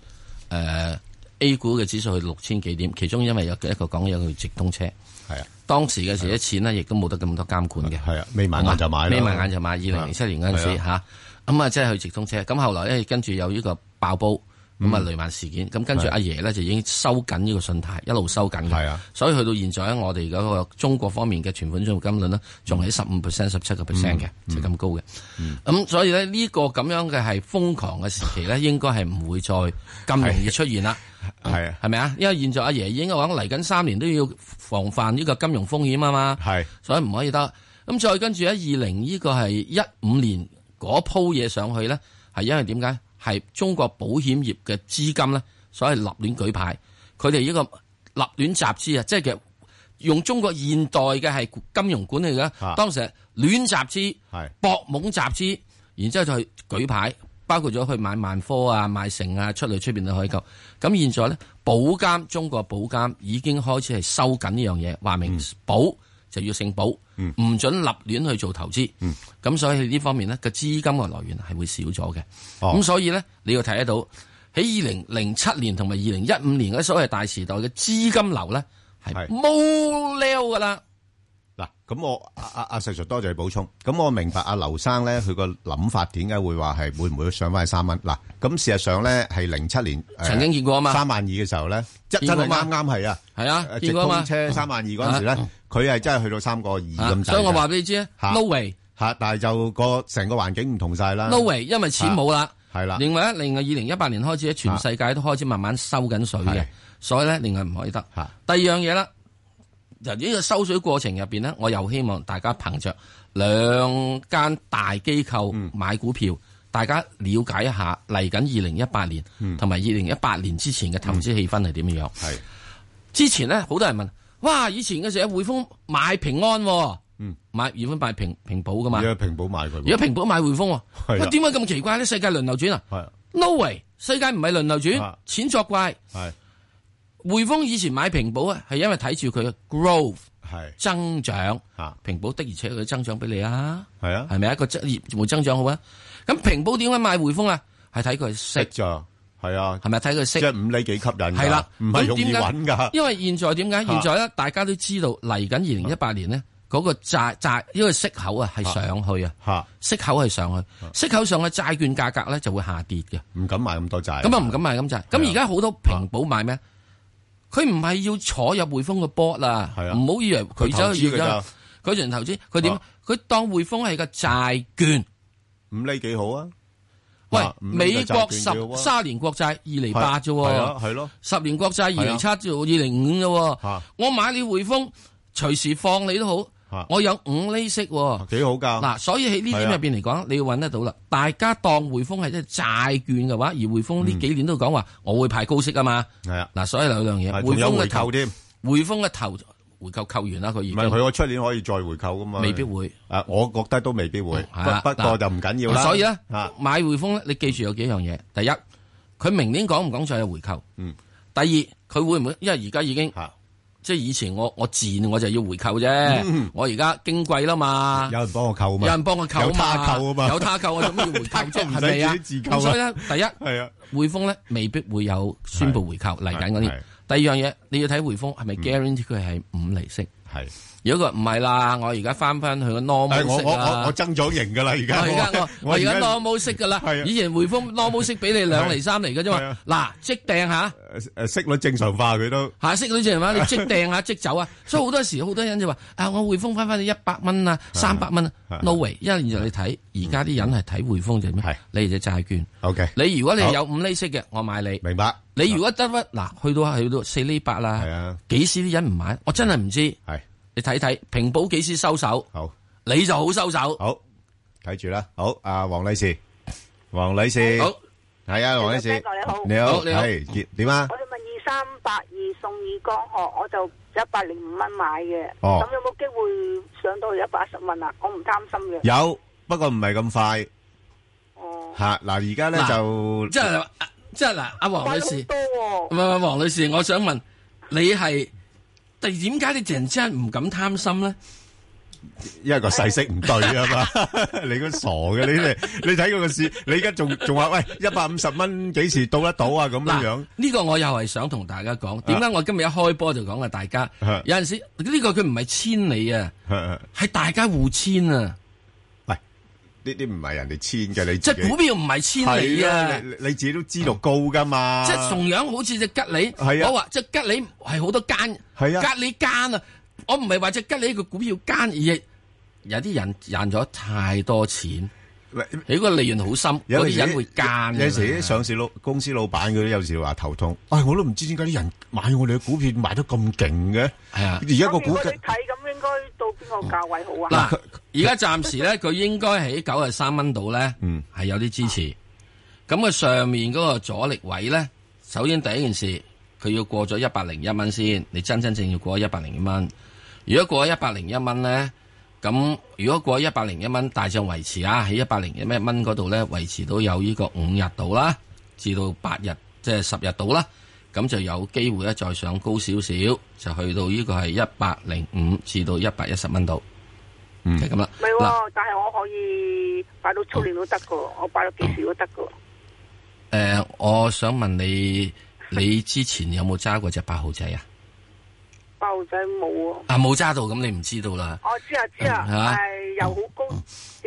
呃、A 股嘅指數去六千幾點。其中因為有一個講嘢叫直通車，係啊。當時嘅時啲錢呢，亦都冇得咁多監管嘅。係啊，眯埋眼就買，眯埋眼就買。二零零七年嗰陣時吓，咁啊，啊、嗯嗯、即係去直通車。咁後來咧，跟住有呢個爆煲。咁啊，雷曼事件，咁跟住阿爺呢就已經收緊呢個信貸，一路收緊嘅，所以去到現在咧，我哋嗰個中國方面嘅存款準備金率呢，仲喺十五 percent、十七個 percent 嘅，即咁高嘅。咁所以呢，呢個咁樣嘅係瘋狂嘅時期呢，應該係唔會再咁容易出現啦。係啊，係咪啊？因為現在阿爺已經話嚟緊三年都要防範呢個金融風險啊嘛。係，所以唔可以得。咁再跟住喺二零呢個係一五年嗰鋪嘢上去呢，係因為點解？.係中國保險業嘅資金咧，所謂立亂舉牌，佢哋呢個立亂集資啊，即係嘅用中國現代嘅係金融管理嘅，當時亂集資，是博懵集資，然之後再舉牌，包括咗去買萬科啊、買成啊出嚟出邊去採購。咁現在咧，保監中國保監已經開始係收緊呢樣嘢，話明保就要姓保。唔准立亂去做投資，咁、嗯、所以呢方面咧個資金嘅來源係會少咗嘅，咁、哦、所以咧你要睇得到喺二零零七年同埋二零一五年嘅所謂大時代嘅資金流咧係冇了噶啦。嗱，咁我阿阿阿細 Sir 多謝你補充。咁我明白阿劉生咧，佢個諗法點解會話係會唔會上翻去三蚊？嗱，咁事實上咧係零七年曾經見過啊嘛，三萬二嘅時候咧，即真係啱啱係啊，係啊，見過嘛，車三萬二嗰陣時咧，佢係真係去到三個二咁大。所以我話俾你知啊，no way。吓，但係就個成個環境唔同晒啦。no way，因為錢冇啦。係啦。另外一另外，二零一八年開始咧，全世界都開始慢慢收緊水嘅，所以咧另外唔可以得。吓，第二樣嘢啦。就呢個收水過程入邊呢，我又希望大家憑着兩間大機構買股票，大家了解一下嚟緊二零一八年同埋二零一八年之前嘅投資氣氛係點樣？係之前呢，好多人問：哇，以前嘅時候匯豐買平安，嗯，買匯豐買平平保嘅嘛？而家平保買佢，而家平保買匯豐，點解咁奇怪呢？世界輪流轉啊？No way，世界唔係輪流轉，錢作怪。匯豐以前買平保啊，係因為睇住佢嘅 growth 係增長吓，平保的而且佢增長俾你啊，係啊，係咪一個增業務增長好啊？咁平保點解買匯豐啊？係睇佢息咋，係啊，係咪睇佢息？即係五厘幾吸引噶，係啦，唔係容易揾噶。因為現在點解？現在咧，大家都知道嚟緊二零一八年呢，嗰個債債呢個息口啊係上去啊，息口係上去，息口上嘅債券價格咧就會下跌嘅，唔敢買咁多債。咁啊唔敢買咁債。咁而家好多平保買咩？佢唔係要坐入匯豐個 board 啦，唔好、啊、以為佢走去而咗。佢人投資，佢點、啊？佢當匯豐係個債券，五厘幾好啊？喂，美國、啊、十三年國債二釐八啫喎，係咯十，十年國債二釐、啊啊啊啊、七就二零五啫喎，啊、我買你匯豐，隨時放你都好。我有五厘息，幾好噶。嗱，所以喺呢點入邊嚟講，你要揾得到啦。大家當匯豐係即係債券嘅話，而匯豐呢幾年都講話我會派高息啊嘛。係啊，嗱，所以有兩樣嘢。匯豐嘅扣添，匯豐嘅頭回扣扣完啦，佢而唔係佢，我出年可以再回購噶嘛？未必會。誒，我覺得都未必會。不過就唔緊要啦。所以咧，買匯豐咧，你記住有幾樣嘢。第一，佢明年講唔講再有回購？嗯。第二，佢會唔會？因為而家已經。即係以前我我賤我就要回購啫，嗯、我而家矜貴啦嘛，有人幫我購嘛，有人幫我購嘛，有他購啊嘛，有他購我做咩要回購？即係唔使自自購、啊。所以咧，第一係 啊，匯豐咧未必會有宣布回購嚟緊嗰啲。第二樣嘢你要睇匯豐係咪 guarantee 佢係五釐息係。是。如果佢唔係啦，我而家翻翻去個 normal 式啊！我我我增咗型噶啦，而家我而家 normal 式噶啦。以前匯豐 normal 式俾你兩釐三釐噶啫嘛。嗱，即掟下，誒息率正常化佢都下息率正常化，你即掟下即走啊！所以好多時好多人就話：啊，我匯豐翻翻啲一百蚊啊，三百蚊 no way！因為你睇，而家啲人係睇匯豐就咩？你隻債券 OK，你如果你有五釐息嘅，我買你。明白。你如果得屈嗱去到去到四釐八啦，幾時啲人唔買？我真係唔知。係。你睇睇平保幾時收手？好，你就好收手。好，睇住啦。好，阿黃女士，黃女士，好，係啊，黃女士，你好，你好，你好，點啊？我問二三八二舜宇光學，我就一百零五蚊買嘅，咁有冇機會上到一百一十蚊啊？我唔擔心嘅。有，不過唔係咁快。哦，吓嗱，而家咧就即係即係嗱，阿黃女士，唔係黃女士，我想問你係。但係點解你突然之間唔敢貪心咧？因為個勢色唔對啊嘛， 你都傻嘅，你你睇佢個市，你而家仲仲話，喂，一百五十蚊幾時到得到啊咁樣？呢、這個我又係想同大家講，點解我今日一開波就講啊？大家有陣時呢、這個佢唔係千你啊，係、啊、大家互千啊。呢啲唔係人哋籤嘅，你自己。即係股票唔係籤嚟啊！你自己都知道高噶嘛。即係同樣好似隻吉利，我話隻吉利係好多奸，吉利奸啊！我唔係話隻吉利個股票奸，而係有啲人賺咗太多錢，你個利潤好深。有啲人會奸。有時啲上市老公司老闆嗰啲有時話頭痛。唉，我都唔知點解啲人買我哋嘅股票買得咁勁嘅。係啊。而家個股票你睇咁應該到邊個價位好啊？嗱。而家 暫時咧，佢應該喺九十三蚊度咧，係、嗯、有啲支持。咁佢、嗯、上面嗰個阻力位咧，首先第一件事，佢要過咗一百零一蚊先。你真真正要過一百零一蚊。如果過咗一百零一蚊咧，咁如果過咗一百零一蚊，大上維持啊，喺一百零一蚊嗰度咧，維持到有呢個五日度啦，至到八日即係十日度啦，咁就有機會咧再上高少少，就去到呢個係一百零五至到一百一十蚊度。嗯，係咁啦。唔係喎，但係我可以擺到初年都得嘅，我擺到幾時都得嘅。誒，我想問你，你之前有冇揸過隻八號仔啊？八號仔冇啊。啊，冇揸到，咁你唔知道啦。我知啊，知啊。係嘛，又好高。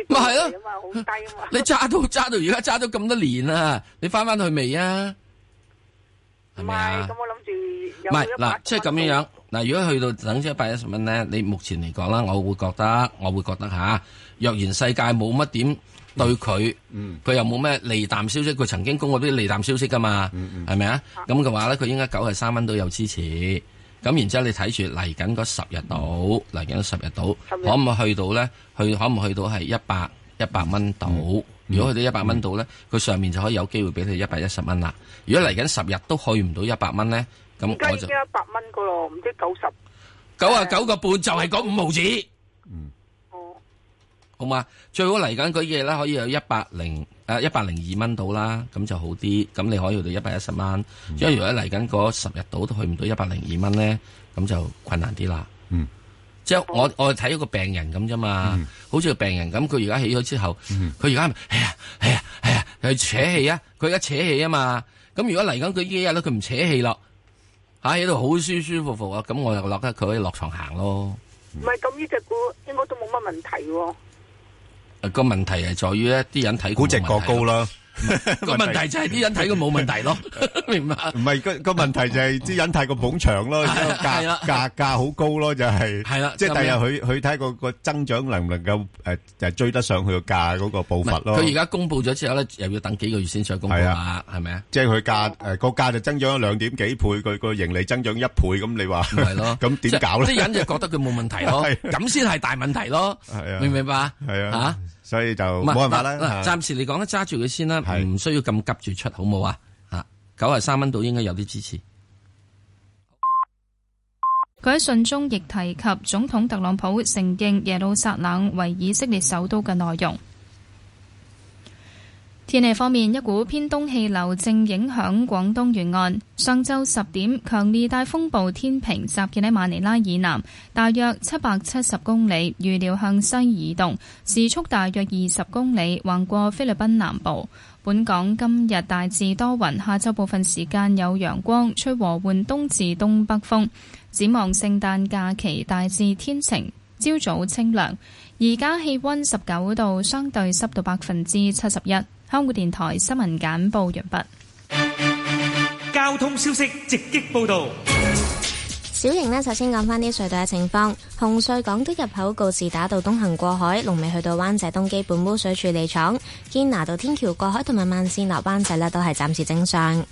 咪係咯，嘛好低啊嘛。你揸到揸到而家揸咗咁多年啦，你翻翻去未啊？唔係，咁我諗住。唔係嗱，即係咁樣樣。嗱，如果去到等於一百一十蚊咧，你目前嚟講啦，我會覺得，我會覺得吓。若然世界冇乜點對佢，佢又冇咩利淡消息，佢曾經供過啲利淡消息噶嘛，係咪啊？咁嘅話咧，佢應該九十三蚊都有支持。咁然之後你睇住嚟緊嗰十日度，嚟緊十日度，可唔可去到咧？去可唔去到係一百一百蚊度？如果去到一百蚊度咧，佢上面就可以有機會俾你一百一十蚊啦。如果嚟緊十日都去唔到一百蚊咧？唔加一百蚊噶咯，唔知九十九啊，九個半就係講五毫子。嗯，哦、嗯，好嘛，最好嚟緊嗰幾日啦，可以有一百零誒一百零二蚊到啦，咁就好啲。咁你可以去到一百一十蚊，嗯、因為如果嚟緊嗰十日到都去唔到一百零二蚊咧，咁就困難啲啦。嗯，即係我我睇咗個病人咁啫嘛，好似個病人咁，佢而家起咗之後，佢而家係啊係啊係啊，係扯氣啊，佢而家扯氣啊嘛。咁如果嚟緊佢依幾日咧，佢唔扯氣咯。喺喺度好舒舒服服啊，咁我又落得佢可以落床行咯。唔係、嗯，咁呢隻股應該都冇乜問題。個問題係在於一啲人睇估值過高啦。個問題就係啲人睇佢冇問題咯，明白？唔係，個個問題就係啲人睇個捧場咯，價價價好高咯，就係係啦。即係第日佢佢睇個個增長能唔能夠誒，就追得上佢個價嗰個步伐咯。佢而家公布咗之後咧，又要等幾個月先上公布啊？係咪啊？即係佢價誒個價就增長咗兩點幾倍，佢個盈利增長一倍咁，你話唔係咯？咁點搞咧？啲人就覺得佢冇問題咯，咁先係大問題咯，明唔明白啊？係啊。所以就冇辦法啦。嗱是，暫時嚟講咧，揸住佢先啦，唔是需要咁急住出，好冇啊？吓，九十三蚊度，應該有啲支持。佢喺信中亦提及總統特朗普承認耶路撒冷為以色列首都嘅內容。天氣方面，一股偏東氣流正影響廣東沿岸。上晝十點，強烈大風暴天平集結喺馬尼拉以南，大約七百七十公里，預料向西移動，時速大約二十公里，橫過菲律賓南部。本港今日大致多雲，下晝部分時間有陽光，吹和緩東至東北風。展望聖誕假期，大致天晴，朝早清涼。而家氣溫十九度，相對濕度百分之七十一。香港電台新聞簡報完畢。筆交通消息直擊報道。小型呢，首先講翻啲隧道嘅情況。紅隧港島入口告士打道東行過海，龍尾去到灣仔東基本污水處理廠。堅拿道天橋過海同埋慢線落灣仔呢都係暫時正常。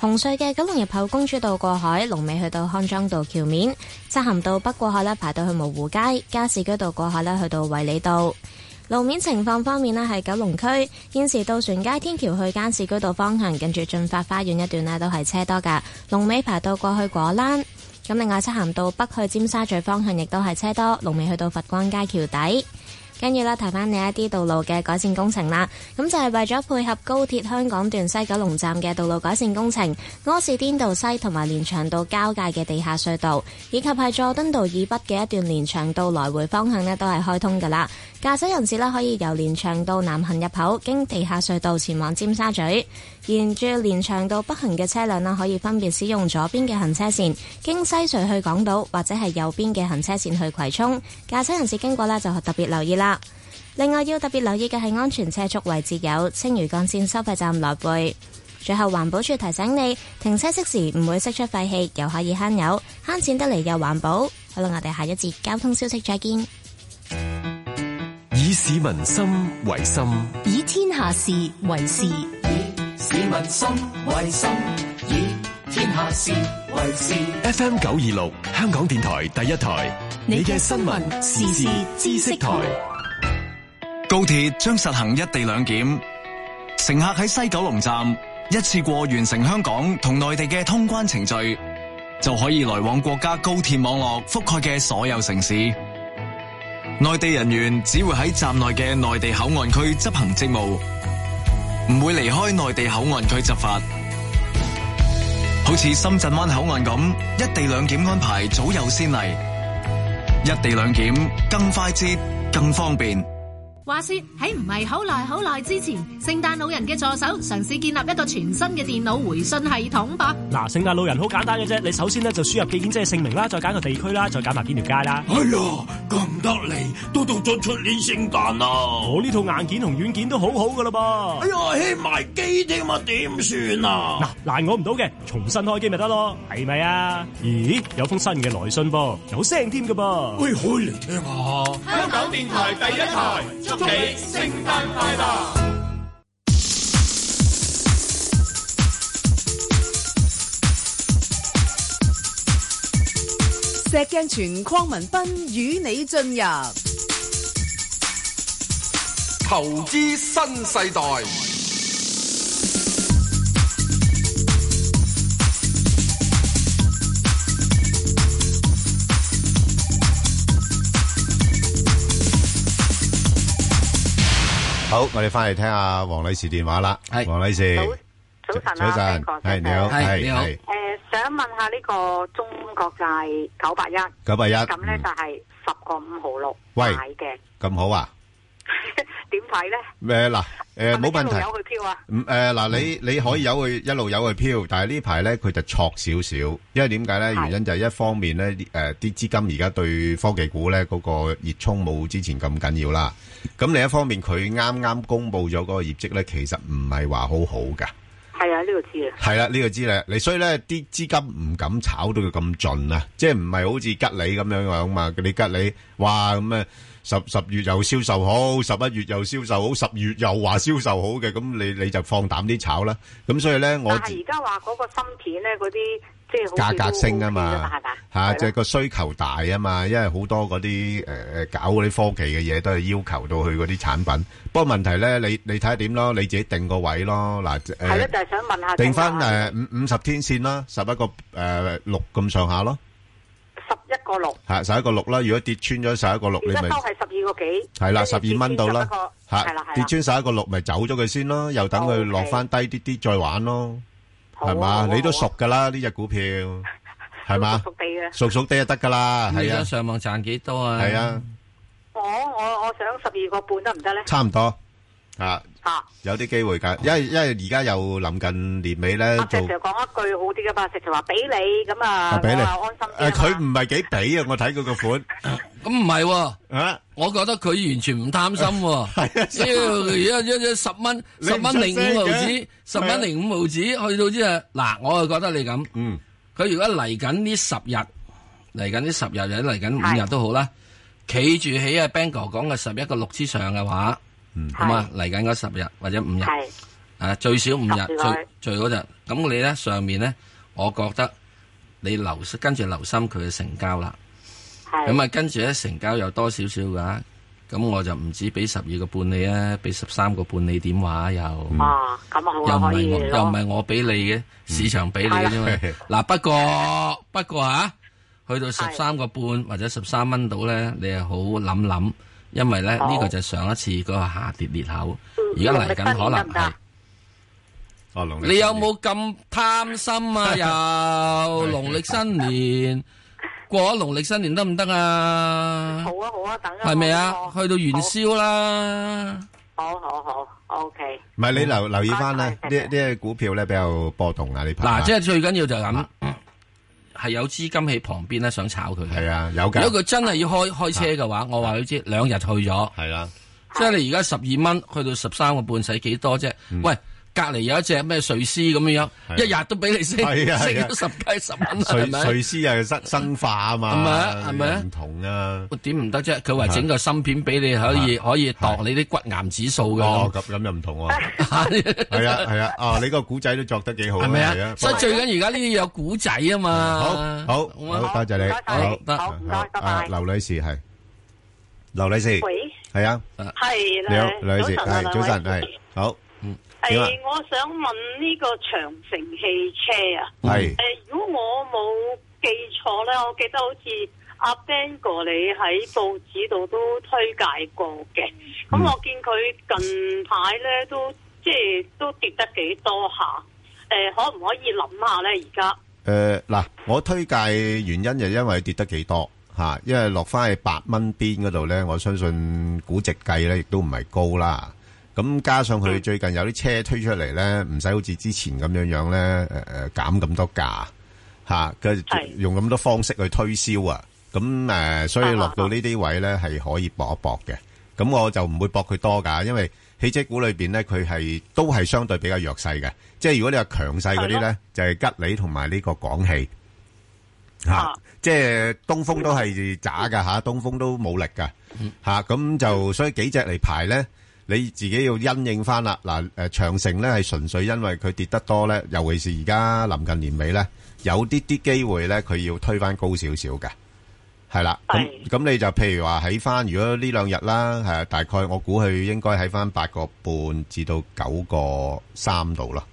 紅隧嘅九龍入口公主道過海，龍尾去到康莊道橋面，漆咸道北過海呢排到去蕪湖街。加士居道過海呢去到衞理道。路面情況方面呢係，九龍區現時渡船街天橋去堅市居道加士居道方向，跟住駿發花園一段呢都係車多噶龍尾排到過去果欄，咁另外漆咸道北去尖沙咀方向亦都係車多，龍尾去到佛光街橋底。跟住呢，睇返你一啲道路嘅改善工程啦。咁就係為咗配合高鐵香港段西九龍站嘅道路改善工程，柯士甸道西同埋連翔道交界嘅地下隧道，以及係佐敦道以北嘅一段連翔道來回方向呢，都係開通㗎喇。駕駛人士呢，可以由連翔道南行入口，經地下隧道前往尖沙咀。沿住連長到北行嘅車輛啦，可以分別使用左邊嘅行車線經西隧去港島，或者係右邊嘅行車線去葵涌。駕車人士經過呢，就特別留意啦。另外要特別留意嘅係安全車速位置有青嶼幹線收費站來回。最後環保署提醒你，停車熄時唔會釋出廢氣，又可以慳油、慳錢得嚟又環保。好啦，我哋下一節交通消息再見。以市民心為心，以天下事為事。以民心為心，以天下事為事。FM 九二六，香港電台第一台，你嘅新聞時事知識台。高鐵將實行一地兩檢，乘客喺西九龍站一次過完成香港同內地嘅通關程序，就可以來往國家高鐵網絡覆蓋嘅所有城市。內地人員只會喺站內嘅內地口岸區執行職務。唔會離開內地口岸區執法，好似深圳灣口岸咁，一地兩檢安排早有先例，一地兩檢更快捷、更方便。話說喺唔係好耐好耐之前，聖誕老人嘅助手嘗試建立一個全新嘅電腦回信系統噃。嗱，聖誕老人好簡單嘅啫，你首先咧就輸入寄件者嘅姓名啦，再揀個地區啦，再揀埋邊條街啦。哎呀，咁得嚟，都到咗出年聖誕啦。我呢套硬件同軟件都好好噶啦噃。哎呀，起埋機添啊，點算啊？嗱，難我唔到嘅，重新開機咪得咯，係咪啊？咦，有封新嘅來信噃，有聲添噶噃。喂，可以嚟聽下。香港電台第一台。祝你聖誕快樂！石鏡泉鄺民彬與你進入投資新世代。好，我哋翻嚟聽下黃女士電話啦。係是，黃女士，早晨，早晨，係你好，係是是你好。誒是、呃，想問下呢個中國界九八一，九八一，咁咧就係十個五毫六買嘅，咁好啊。點睇咧？誒，嗱，誒，冇問題。一路有佢飄啊！誒，嗱，你你可以有佢一路有佢飄，但係呢排咧佢就挫少少，因為點解咧？原因就係一方面咧，誒，啲資金而家對科技股咧嗰個熱衷冇之前咁緊要啦。咁另一方面，佢啱啱公布咗嗰個業績咧，其實唔係話好好噶。係啊，呢個知啊。係啦，呢個知啦。你所以咧，啲資金唔敢炒到佢咁盡啊，即係唔係好似吉利咁樣樣啊嘛？你吉利哇咁啊！十十月又銷售好，十一月又銷售好，十月又話銷售好嘅，咁你你就放膽啲炒啦。咁所以咧，我但係而家話嗰個芯片咧，嗰啲即係價格升啊嘛，係嘛？嚇即係個需求大啊嘛，因為好多嗰啲誒誒搞嗰啲科技嘅嘢都係要求到佢嗰啲產品。不過問題咧，你你睇下點咯，你自己定個位咯嗱。係咯，就係想問下定翻誒五五十天線啦，十一個誒六咁上下咯。十一個六係十一個六啦，如果跌穿咗十一個六，你咪收係十二個幾，係啦十二蚊到啦，係啦跌穿十一個六咪走咗佢先咯，又等佢落翻低啲啲再玩咯，係嘛？你都熟噶啦呢隻股票，係嘛？熟熟啲嘅，熟熟啲就得噶啦，係啊！上網賺幾多啊？係啊！我我我想十二個半得唔得咧？差唔多。啊！有啲機會噶，因為因為而家又臨近年尾咧，就講、啊、一句好啲嘅，伯石就話俾你咁啊，咁、啊、你安心。佢唔係幾俾啊，我睇佢個款。咁唔係，啊？我覺得佢完全唔貪心。係啊，即係一十蚊，十蚊零五毫子，十蚊零五毫子，啊、去到之後嗱、啊，我就覺得你咁。嗯。佢如果嚟緊呢十日，嚟緊呢十日，或者嚟緊五日都好啦。企住喺阿 Ban 哥講嘅十一個六之上嘅話。咁啊，嚟緊嗰十日或者五日，誒最少五日，最最好就咁。你咧上面咧，我覺得你留跟住留心佢嘅成交啦。係咁啊，跟住咧成交有多少少嘅話，咁我就唔止俾十二個半你啊，俾十三個半你點話又？啊，咁啊好啊，可以咯。又唔係我又唔係我俾你嘅，市場俾你啫嘛。嗱，不過不過吓，去到十三個半或者十三蚊度咧，你又好諗諗。因為咧呢個就係上一次嗰個下跌裂口，而家嚟緊可能係。你有冇咁貪心啊？又農曆新年過咗農曆新年得唔得啊？好啊好啊，等下，係咪啊？去到元宵啦！好好好，OK。唔係你留留意返啦，啲啲股票咧比較波動啊，呢排。嗱，即係最緊要就係咁。係有資金喺旁邊咧，想炒佢。係啊，有噶。如果佢真係要開開車嘅話，啊、我話你知，的兩日去咗，係啦的，即係你而家十二蚊，去到十三個半，使幾多啫？嗯、喂！隔籬有一隻咩瑞斯咁樣，一日都俾你先，食咗十幾十蚊，係咪？瑞瑞斯係生生化啊嘛，係咪啊？唔同啊！點唔得啫？佢話整個芯片俾你，可以可以度你啲骨癌指數嘅。哦，咁咁又唔同喎。係啊係啊，啊你個古仔都作得幾好啊！係咪啊？所以最緊而家呢啲有古仔啊嘛。好，好，好，多謝你，好，得，唔該，拜拜。劉女士係，劉女士，係啊，係，劉女士，係早晨，係好。係，我想問呢個長城汽車啊，係、嗯，誒，如果我冇記錯咧，我記得好似阿 Ben 哥你喺報紙度都推介過嘅，咁我見佢近排咧都即係都跌得幾多下，誒，可唔可以諗下咧而家？誒，嗱、呃，我推介原因就因為跌得幾多吓，因為落翻去八蚊邊嗰度咧，我相信估值計咧亦都唔係高啦。咁加上佢最近有啲車推出嚟咧，唔使好似之前咁樣樣咧，誒誒減咁多價吓，佢用咁多方式去推銷啊。咁誒，所以落到呢啲位咧係可以搏一搏嘅。咁我就唔會搏佢多噶，因為汽車股裏邊咧，佢係都係相對比較弱勢嘅。即係如果你話強勢嗰啲咧，就係吉利同埋呢個廣汽吓，即係東風都係渣噶吓，東風都冇力噶吓，咁就所以幾隻嚟排咧。你自己要因應翻啦嗱，誒，長城咧，係純粹因為佢跌得多咧，尤其是而家臨近年尾咧，有啲啲機會咧，佢要推翻高少少嘅，係啦。咁咁你就譬如話喺翻，如果呢兩日啦，係大概我估佢應該喺翻八個半至到九個三度咯。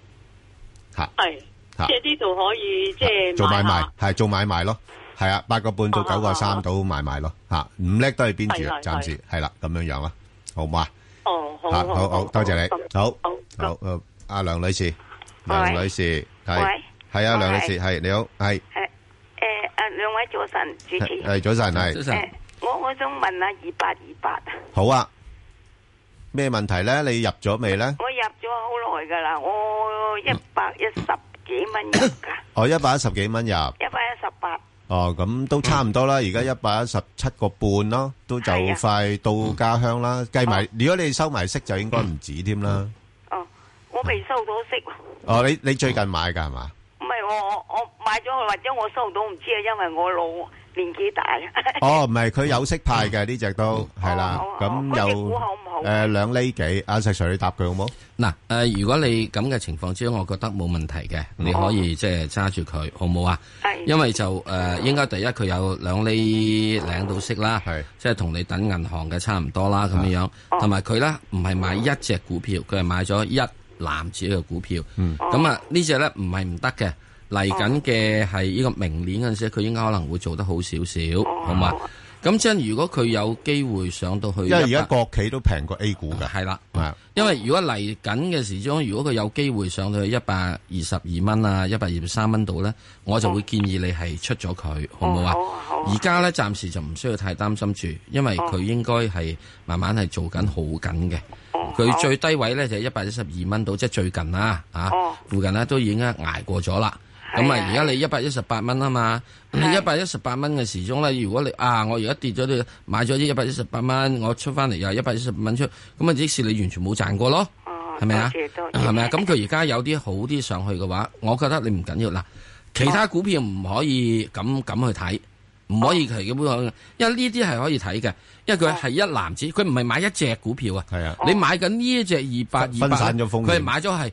吓係吓，即係呢度可以即係做買賣，係做買賣咯，係啊，八個半到九個三度買賣咯。吓唔叻都係邊住，暫時係啦，咁樣樣啦，好唔好呀？哦，好好好，多謝你，好，好，阿梁女士，梁女士，係，係阿梁女士，係你好，係，誒誒誒，兩位早晨主持，係早晨，係，我我想問下二八二八，好啊，咩問題咧？你入咗未咧？我入咗好耐噶啦，我一百一十幾蚊入噶，哦，一百一十幾蚊入，一百一十八。哦，咁都差唔多啦。而家一百一十七個半咯，都就快到家鄉啦。計埋、嗯嗯、如果你收埋息就應該唔止添啦。哦、嗯，我未收到息。哦，你你最近買噶係嘛？唔係、嗯、吧我我我買咗，或者我收到唔知呀，因為我老。年紀大哦，唔係，佢有息派嘅呢隻都係啦，咁又誒兩厘幾，啱晒，石生你答佢好冇？嗱誒，如果你咁嘅情況之下，我覺得冇問題嘅，你可以即係揸住佢好冇啊？係，因為就誒，應該第一佢有兩厘領到息啦，係，即係同你等銀行嘅差唔多啦，咁樣樣，同埋佢咧唔係買一隻股票，佢係買咗一籃子嘅股票，嗯，咁啊呢隻咧唔係唔得嘅。嚟緊嘅係呢個明年嗰陣時，佢應該可能會做得好少少，好嘛？咁即係如果佢有機會上到去，因為而家國企都平過 A 股嘅。係啦的，的因為如果嚟緊嘅時鐘，如果佢有機會上到去一百二十二蚊啊，一百二十三蚊度呢，我就會建議你係出咗佢，好唔好啊？而家呢，暫時就唔需要太擔心住，因為佢應該係慢慢係做緊好緊嘅。佢最低位呢，就係一百一十二蚊度，即係最近啦、啊，啊，附近呢、啊，都已經捱過咗啦。咁啊，而家你一百一十八蚊啊嘛，一百一十八蚊嘅時鐘咧，如果你啊，我而家跌咗啲，買咗啲一百一十八蚊，我出翻嚟又一百一十八蚊出，咁啊，即使你完全冇賺過咯，係咪、哦、啊？係咪啊？咁佢而家有啲好啲上去嘅話，我覺得你唔緊要喇，其他股票唔可以咁咁、啊、去睇，唔可以係咁樣、啊因，因為呢啲係可以睇嘅，因為佢係一籃子，佢唔係買一隻股票啊，啊你買緊呢一隻二百二，佢係買咗係。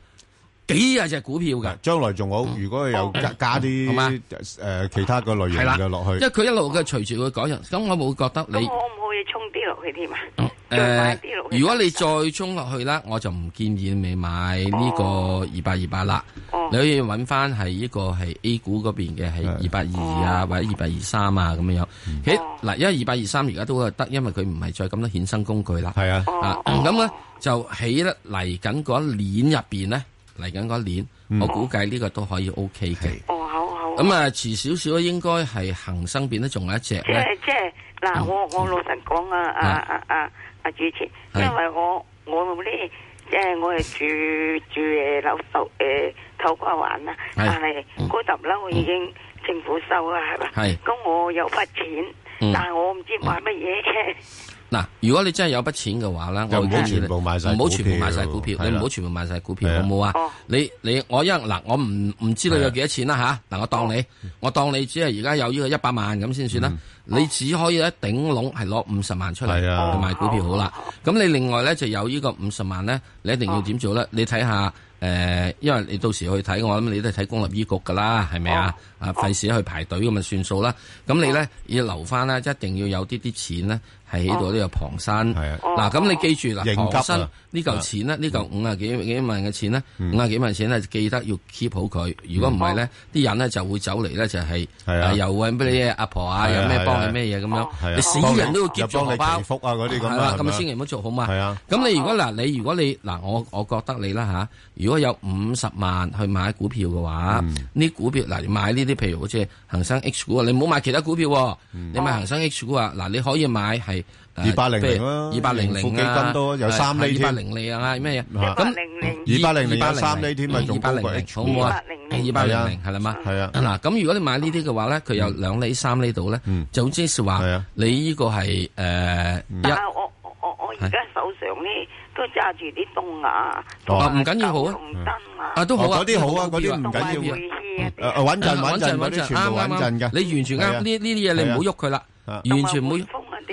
幾廿隻股票噶，將來仲好。如果有加啲誒其他嘅類型嘅落去，即係佢一路嘅隨住佢改入。咁我冇覺得你可唔可以衝啲落去添啊？誒，如果你再衝落去咧，我就唔建議你買呢個二百二八啦。你可以揾翻係呢個係 A 股嗰邊嘅係二百二啊，或者二百二三啊咁樣樣。嗱，因為二百二三而家都得，因為佢唔係再咁多衍生工具啦。係啊，咁咧就起咧嚟緊嗰一年入邊咧。嚟緊嗰年，我估計呢個都可以 OK 嘅。哦，好好。咁啊，遲少少應該係恒生變得仲有一隻。即係即係嗱，我我老實講啊，啊啊啊啊，主持，因為我我呢，即我係住住誒樓道誒土瓜灣啊。但係嗰笪樓我已經政府收啦，係嘛？係。咁我有筆錢，但係我唔知買乜嘢嘅。嗱，如果你真係有筆錢嘅話咧，我唔好全部買曬股票，你唔好全部買晒股票，的你唔好全部買晒股票好冇啊？你你我因嗱，我唔唔知道有幾多錢啦嚇，嗱的、啊、我當你，我當你只係而家有呢個一百萬咁先算啦。的你只可以咧頂籠係攞五十萬出嚟買股票好啦。咁的你另外咧就有個呢個五十萬咧，你一定要點做咧？的你睇下誒，因為你到時去睇我諗，你都係睇公立醫局噶啦，係咪啊？啊，費事去排隊咁啊算數啦。咁你咧要留翻咧，一定要有啲啲錢咧，係喺度呢個旁身。係啊，嗱，咁你記住嗱，現金呢嚿錢呢，呢嚿五啊幾幾萬嘅錢呢，五啊幾萬錢呢，記得要 keep 好佢。如果唔係咧，啲人咧就會走嚟咧，就係又揾俾你阿婆啊，又咩幫你咩嘢咁樣。你死人都要結咗，你包，福啊嗰啲咁樣。咁千祈唔好做好嘛。係啊。咁你如果嗱，你如果你嗱，我我覺得你啦吓，如果有五十萬去買股票嘅話，呢股票嗱買呢？啲譬如好似恒生 H 股啊，你唔好買其他股票，你買恒生 H 股啊。嗱，你可以買係二百零啦，二百零零啊，盈富基金都有三厘添，二百零零啊，咩嘢？二百零零二百零零三厘添啊，二百零零好冇啊？二百零零係啦嘛，係啊。嗱，咁如果你買呢啲嘅話咧，佢有兩厘三厘到咧，總之是話你呢個係誒。但係我我我而家手上咧。都揸住啲燈啊！唔緊要好啊，紅燈啊，啊都好啊，嗰啲好啊，嗰啲唔緊要啊。穩陣穩陣嗰啲，啱啱啱。你完全啱，呢呢啲嘢你唔好喐佢啦，完全唔好喐。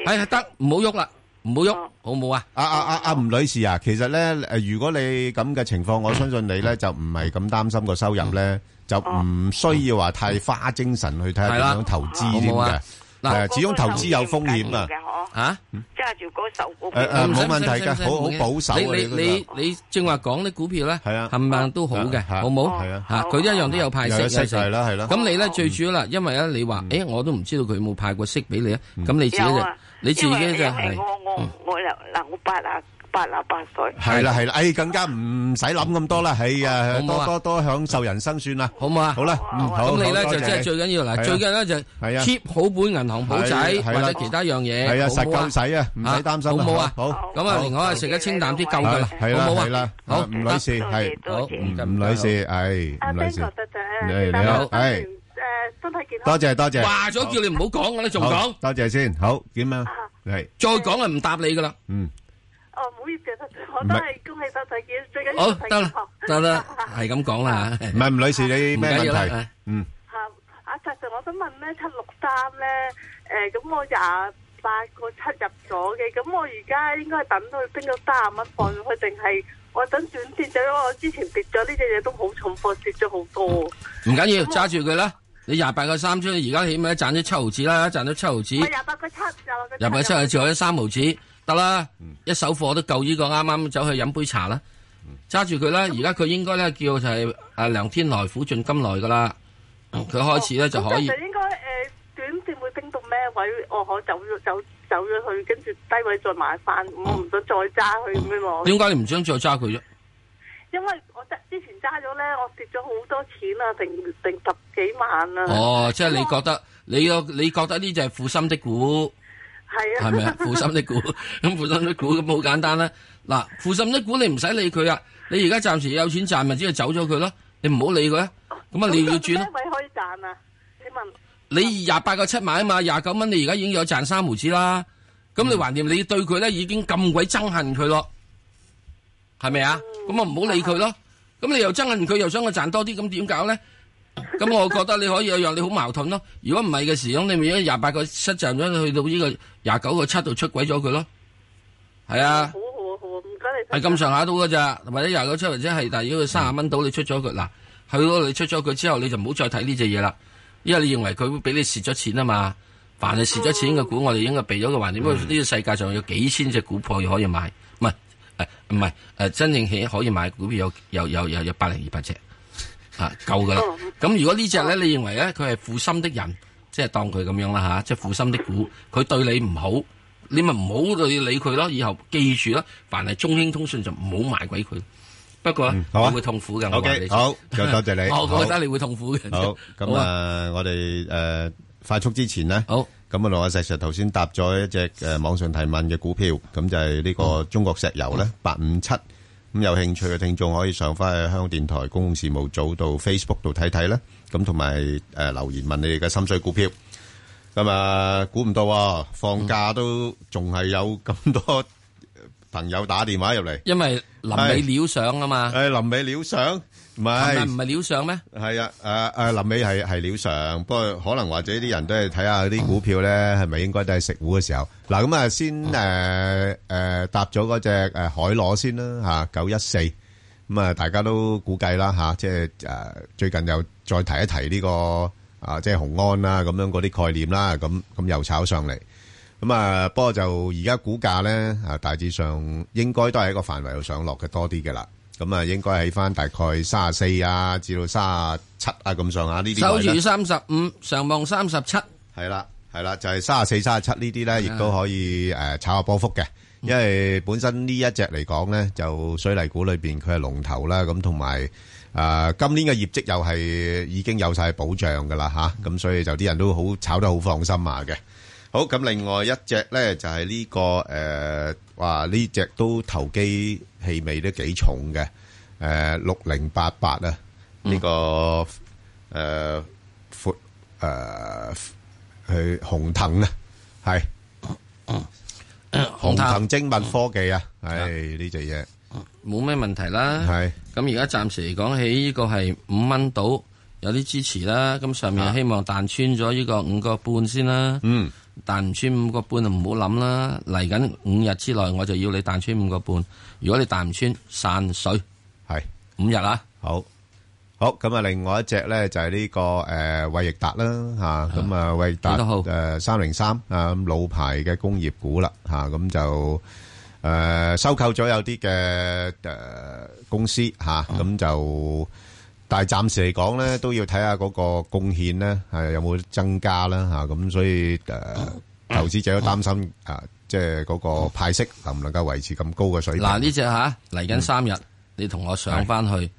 哎，得唔好喐啦，唔好喐，好冇啊？阿阿阿阿吳女士啊，其實咧，誒，如果你咁嘅情況，我相信你咧就唔係咁擔心個收入咧，就唔需要話太花精神去睇下點樣投資咁嘅。嗱，始終投資有風險啊！嚇，即係就嗰手，誒誒，冇問題㗎，好好保守啊！你你你你正話講啲股票咧，冚唪都好嘅，好冇？嚇，佢一樣都有派息嘅，係啦係啦。咁你咧最主要啦，因為咧你話，誒我都唔知道佢有冇派過息俾你啊！咁你自己，你自己就係我我我又嗱我八啊。八拿八袋，係啦係啦，哎，更加唔使諗咁多啦，哎呀，多多多享受人生算啦，好唔好啊？好啦，咁你咧就即係最緊要啦，最緊咧就 keep 好本銀行簿仔，或者其他樣嘢，實夠使啊，唔使擔心，好唔好啊？好，咁啊，另外食得清淡啲，夠噶啦，好唔好啊？好，吳女士係，好，吳女士，哎，吳女士，多謝多謝，話咗叫你唔好講噶啦，仲講，多謝先，好，點啊？係，再講啊，唔答你噶啦，嗯。哦，唔好意思啊，我都係恭喜得睇嘅，最緊要得啦，得啦，係咁講啦吓，唔係吳女士你咩問題？嗯，阿阿澤神，我想問咧七六三咧，誒咁我廿八個七入咗嘅，咁我而家應該等到佢升到卅蚊放佢，定係我等轉跌？因為我之前跌咗呢隻嘢都好重貨，跌咗好多。唔緊要，揸住佢啦，你廿八個三出，而家起碼賺咗七毫子啦，賺咗七毫子。廿八個七就廿八個七，入去七好似三毫子。得啦，一手貨都夠呢個啱啱走去飲杯茶啦，揸住佢啦。而家佢應該咧叫就係阿梁天來苦盡甘來噶啦，佢開始咧就可以。咁、哦哦、就應該誒、呃，短線會升到咩位？我可走咗走走咗去，跟住低位再買翻，我、嗯、唔、嗯嗯、想再揸佢咩喎？點解你唔想再揸佢啫？因為我之前揸咗咧，我跌咗好多錢啊，定定十幾萬啊。哦，為因為 即係你覺得你、嗯、你覺得呢隻係負心的股。係啊，係咪啊？負心的股，咁負心的股咁 好心的 簡單啦、啊。嗱，負心的股你唔使理佢啊。你而家暫時有錢賺，咪只係走咗佢咯。你唔好理佢，咁啊你要轉咯。咪可以賺啊？你問。你廿八個七買啊嘛，廿九蚊你而家已經有賺三毫紙啦。咁你還掂？你對佢咧已經咁鬼憎恨佢咯，係咪啊？咁啊唔好理佢咯。咁你又憎恨佢，又想佢賺多啲，咁點搞咧？咁 我覺得你可以有讓你好矛盾咯。如果唔係嘅時候，你咪因廿八個七站咗去到呢個廿九個七度出軌咗佢咯。係啊，好，好，好，唔該你。係咁上下到噶咋？或者廿九七或者係，但如果佢三十蚊到你出咗佢啦，去咗你出咗佢之後，你就唔好再睇呢隻嘢啦。因為你認為佢會俾你蝕咗錢啊嘛。凡係蝕咗錢嘅股，我哋應該避咗個環境。呢個世界上有幾千隻股票可以買，唔係唔係誒，真正起可以買股票有有有有有百零二百隻。啊，夠噶啦！咁如果呢隻咧，你認為咧佢係負心的人，即係當佢咁樣啦吓，即係負心的股，佢對你唔好，你咪唔好要理佢咯。以後記住啦，凡係中興通訊就唔好買鬼佢。不過你會痛苦嘅。O K，好，又多謝你。我覺得你會痛苦嘅。好，咁啊，我哋誒，快速之前咧。好，咁啊，羅阿石石頭先答咗一隻誒網上提問嘅股票，咁就係呢個中國石油咧，八五七。咁有興趣嘅聽眾可以上翻去香港電台公共事務組度 Facebook 度睇睇啦，咁同埋誒留言問你哋嘅心水股票，咁啊估唔到放假都仲係有咁多朋友打電話入嚟，因為臨尾料想啊嘛，誒臨尾料想。唔係唔係料上咩？係啊，誒誒，臨尾係係料上，不過可能或者啲人都係睇下啲股票咧，係咪應該都係食糊嘅時候？嗱，咁啊，先誒誒，搭咗嗰隻誒海螺先啦吓，九一四，咁啊，大家都估計啦吓，即係誒最近又再提一提呢個啊，即係雄安啦，咁樣嗰啲概念啦，咁咁又炒上嚟，咁啊，不過就而家股價咧啊，大致上應該都係一個範圍度上落嘅多啲嘅啦。咁啊，應該喺翻大概卅啊四啊，至到卅啊七啊咁上下呢啲。守住三十五，上望三十七。係啦，係啦，就係卅啊四、卅啊七呢啲咧，亦都可以誒炒下波幅嘅。因為本身呢一隻嚟講咧，就水泥股裏邊佢係龍頭啦，咁同埋誒今年嘅業績又係已經有晒保障噶啦吓，咁所以就啲人都好炒得好放心啊嘅。好，咁另外一隻咧就係呢個誒，話呢隻都投機。氣味都幾重嘅，誒、呃，六零八八啊，呢個誒，闊誒，去鴻騰啊，係，鴻騰、嗯嗯、精密科技啊，係呢隻嘢，冇咩、哎、問題啦，係是，咁而家暫時嚟講喺呢個係五蚊度，有啲支持啦，咁上面希望彈穿咗呢個五個半先啦，嗯。彈唔穿五個半就唔好諗啦，嚟緊五日之內我就要你彈穿五個半。如果你彈唔穿，散水係是五日啊，好好咁啊！另外一隻咧就係、是、呢、這個誒，偉易達啦吓，咁是啊偉易達誒三零三啊，老牌嘅工業股啦吓，咁、啊、就誒、呃、收購咗有啲嘅誒公司吓，咁、啊、就。嗯但係暫時嚟講咧，都要睇下嗰個貢獻咧，係有冇增加啦嚇。咁所以誒，投資者都擔心啊，即係嗰個派息能唔能夠維持咁高嘅水平。嗱，呢隻嚇嚟緊三日，你同我上翻去，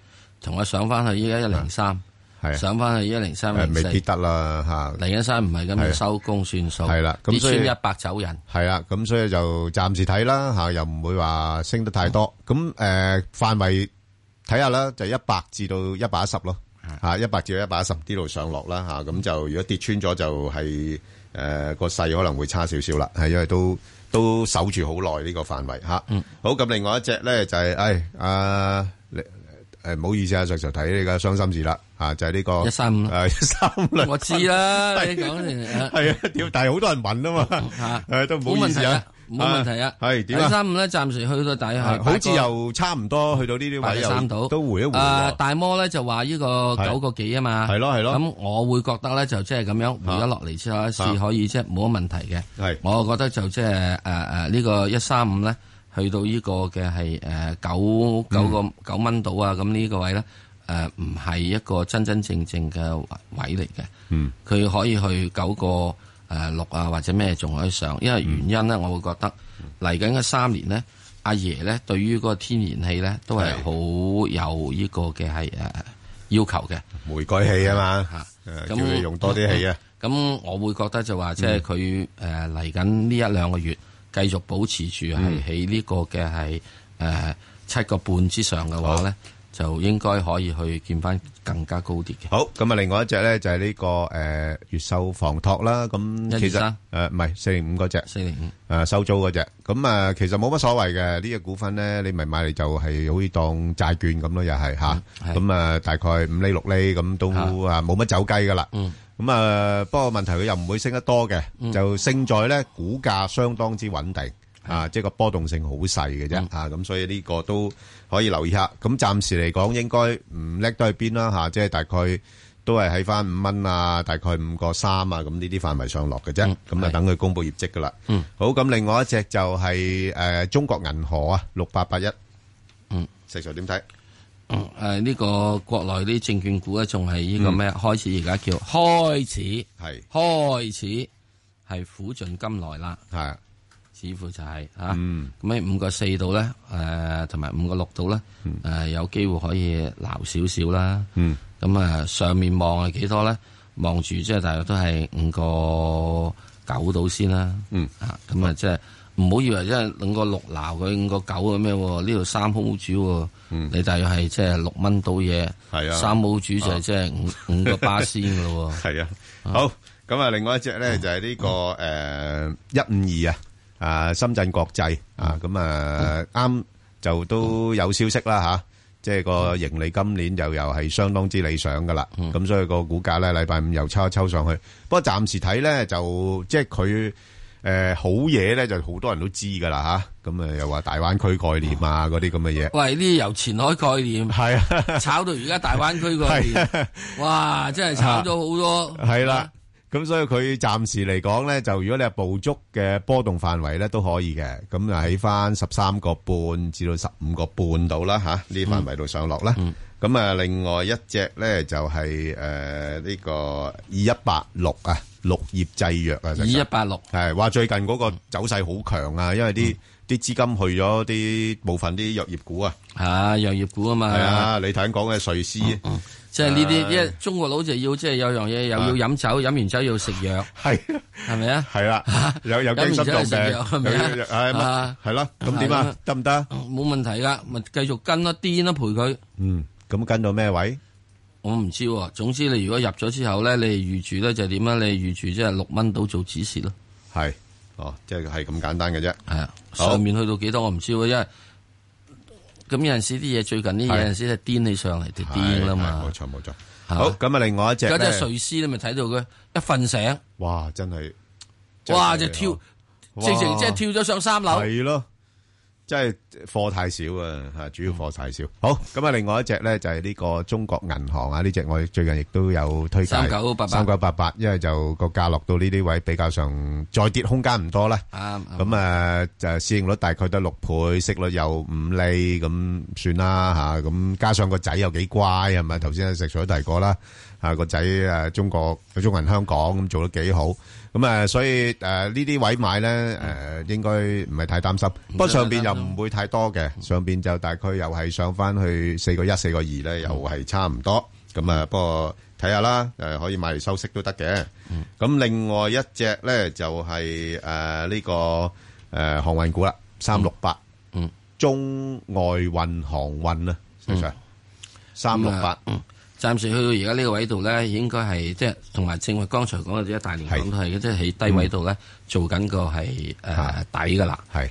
同我上翻去，依家一零三，係上翻去一零三，係未必得啦嚇。嚟緊三日唔係咁要收工算數，係啦。咁所以一百走人，係啊。咁所以就暫時睇啦嚇，又唔會話升得太多。咁誒範圍。睇下啦，就一百至到一百一十咯，吓一百至到一百一十呢度上落啦，吓咁就如果跌穿咗就係誒個勢可能會差少少啦，係因為都都守住好耐呢個範圍吓，嗯，好咁另外一隻咧就係誒啊誒唔好意思啊，常常睇呢個傷心字啦，吓就係呢個一三五，誒一三六，我知啦，你講係啊，屌但係好多人問啊嘛，吓誒都冇問題啊。冇問題啊，係點啊？一三五咧，暫時去到底下，好似又差唔多去到呢啲位又，都回一回。誒，大摩咧就話呢個九個幾啊嘛，係咯係咯。咁我會覺得咧就即係咁樣回咗落嚟之後，似可以即係冇乜問題嘅。係，我覺得就即係誒誒呢個一三五咧，去到呢個嘅係誒九九個九蚊到啊。咁呢個位咧誒唔係一個真真正正嘅位嚟嘅。嗯，佢可以去九個。誒六、呃、啊或者咩仲可以上，因為原因咧，我會覺得嚟緊嘅三年咧，阿爺咧對於嗰個天然氣咧都係好有呢個嘅係誒要求嘅，煤改氣啊嘛嚇，誒、嗯、叫你用多啲氣啊，咁、嗯、我會覺得就話即係佢誒嚟緊呢一兩個月繼續保持住係喺呢個嘅係誒七個半之上嘅話咧。嗯就應該可以去見翻更加高啲嘅。好，咁啊，另外一隻咧就係呢個誒，越秀房託啦。咁其實誒，唔係四零五嗰隻，四零五誒，收租嗰隻。咁啊，其實冇乜所謂嘅呢隻股份咧，你咪買嚟就係好似當債券咁咯，又係吓。咁啊，大概五厘六厘咁都啊，冇乜走雞噶啦。咁啊，不過問題佢又唔會升得多嘅，就勝在咧股價相當之穩定。啊，即係個波動性好細嘅啫，啊，咁所以呢個都可以留意下。咁暫時嚟講應該唔叻都去邊啦，嚇，即係大概都係喺翻五蚊啊，大概五個三啊，咁呢啲範圍上落嘅啫。咁就等佢公布業績噶啦。嗯，好。咁另外一隻就係誒中國銀河啊，六八八一。嗯，石 Sir 點睇？誒呢個國內啲證券股咧，仲係呢個咩啊？開始而家叫開始，係開始係苦盡甘來啦。係。似乎就係啊，咁喺五個四度咧，誒同埋五個六度咧，誒有機會可以撈少少啦。咁啊，上面望係幾多咧？望住即係大約都係五個九度先啦。啊，咁啊，即係唔好以為即係五個六撈佢五個九咁咩？呢度三毫子，你大約係即係六蚊到嘢，三毫子就係即係五五個巴仙嘅咯。係啊，好，咁啊，另外一隻咧就係呢個誒一五二啊。啊！深圳國際啊，咁啊，啱、嗯、就都有消息啦吓、啊，即係個盈利今年又又係相當之理想噶啦，咁、嗯啊、所以個股價咧禮拜五又抽一抽上去。不過暫時睇咧就即係佢誒好嘢咧，就、呃、好多人都知噶啦吓，咁啊又話大灣區概念啊嗰啲咁嘅嘢。喂，呢由前海概念係是啊， 炒到而家大灣區概念，啊、哇，真係炒咗好多係啦。咁所以佢暫時嚟講咧，就如果你係捕捉嘅波動範圍咧，都可以嘅。咁啊喺翻十三個半至到十五個半度啦，吓呢範圍度上落啦。咁啊，嗯、另外一隻咧就係誒呢個二一八六啊，綠葉製藥啊，二一八六係話最近嗰個走勢好強啊，因為啲啲資金去咗啲部分啲藥業股啊，啊藥業股啊嘛，係啊，啊你頭先講嘅瑞思。嗯嗯即係呢啲因為中國佬就要即係有樣嘢又要飲酒，飲、啊、完酒要食藥，係係咪啊？係啦，有有食藥，係咪啊？係啦，咁點啊？得唔得？冇問題噶，咪繼續跟啦，癲啦，陪佢。嗯，咁跟到咩位？嗯、位我唔知、啊，總之你如果入咗之後咧，你預住咧就點啊？你預住即係六蚊到做止蝕咯。係，哦，即係係咁簡單嘅啫。係啊，上面去到幾多我唔知喎，因、啊、為。咁有陣時啲嘢，最近啲嘢有陣時係顛起上嚟就顛啦嘛，冇錯冇錯。好，咁啊、嗯，另外一隻，嗰隻睡獅你咪睇到佢一瞓醒，哇，真係，哇就跳，直情即係跳咗上三樓，係咯。即係貨太少啊，嚇！主要貨太少。好，咁啊，另外一隻咧就係呢個中國銀行啊，呢隻我最近亦都有推介。三九八八，三九八八，因為就個價落到呢啲位比較上，再跌空間唔多啦。咁啊，就市盈率大概得六倍，息率又五厘咁算啦嚇。咁加上個仔又幾乖，係咪頭先石 Sir 都提過啦？啊，個仔啊，中國佢中銀香港咁做得幾好。咁啊，所以誒呢啲位買咧誒，應該唔係太擔心。不過上邊又唔會太多嘅，上邊就大概又係上返去四個一、四個二咧，又係差唔多。咁啊，不過睇下啦，誒可以買嚟收息都得嘅。咁另外一隻咧就係誒呢個誒航運股啦，三六八，嗯，中外運航運啊，石 Sir，三六八，嗯。暫時去到而家呢個位度咧，應該係即係同埋正話剛才講嘅啲大連港都係，即係喺低位度咧做緊個係誒底嘅啦。係，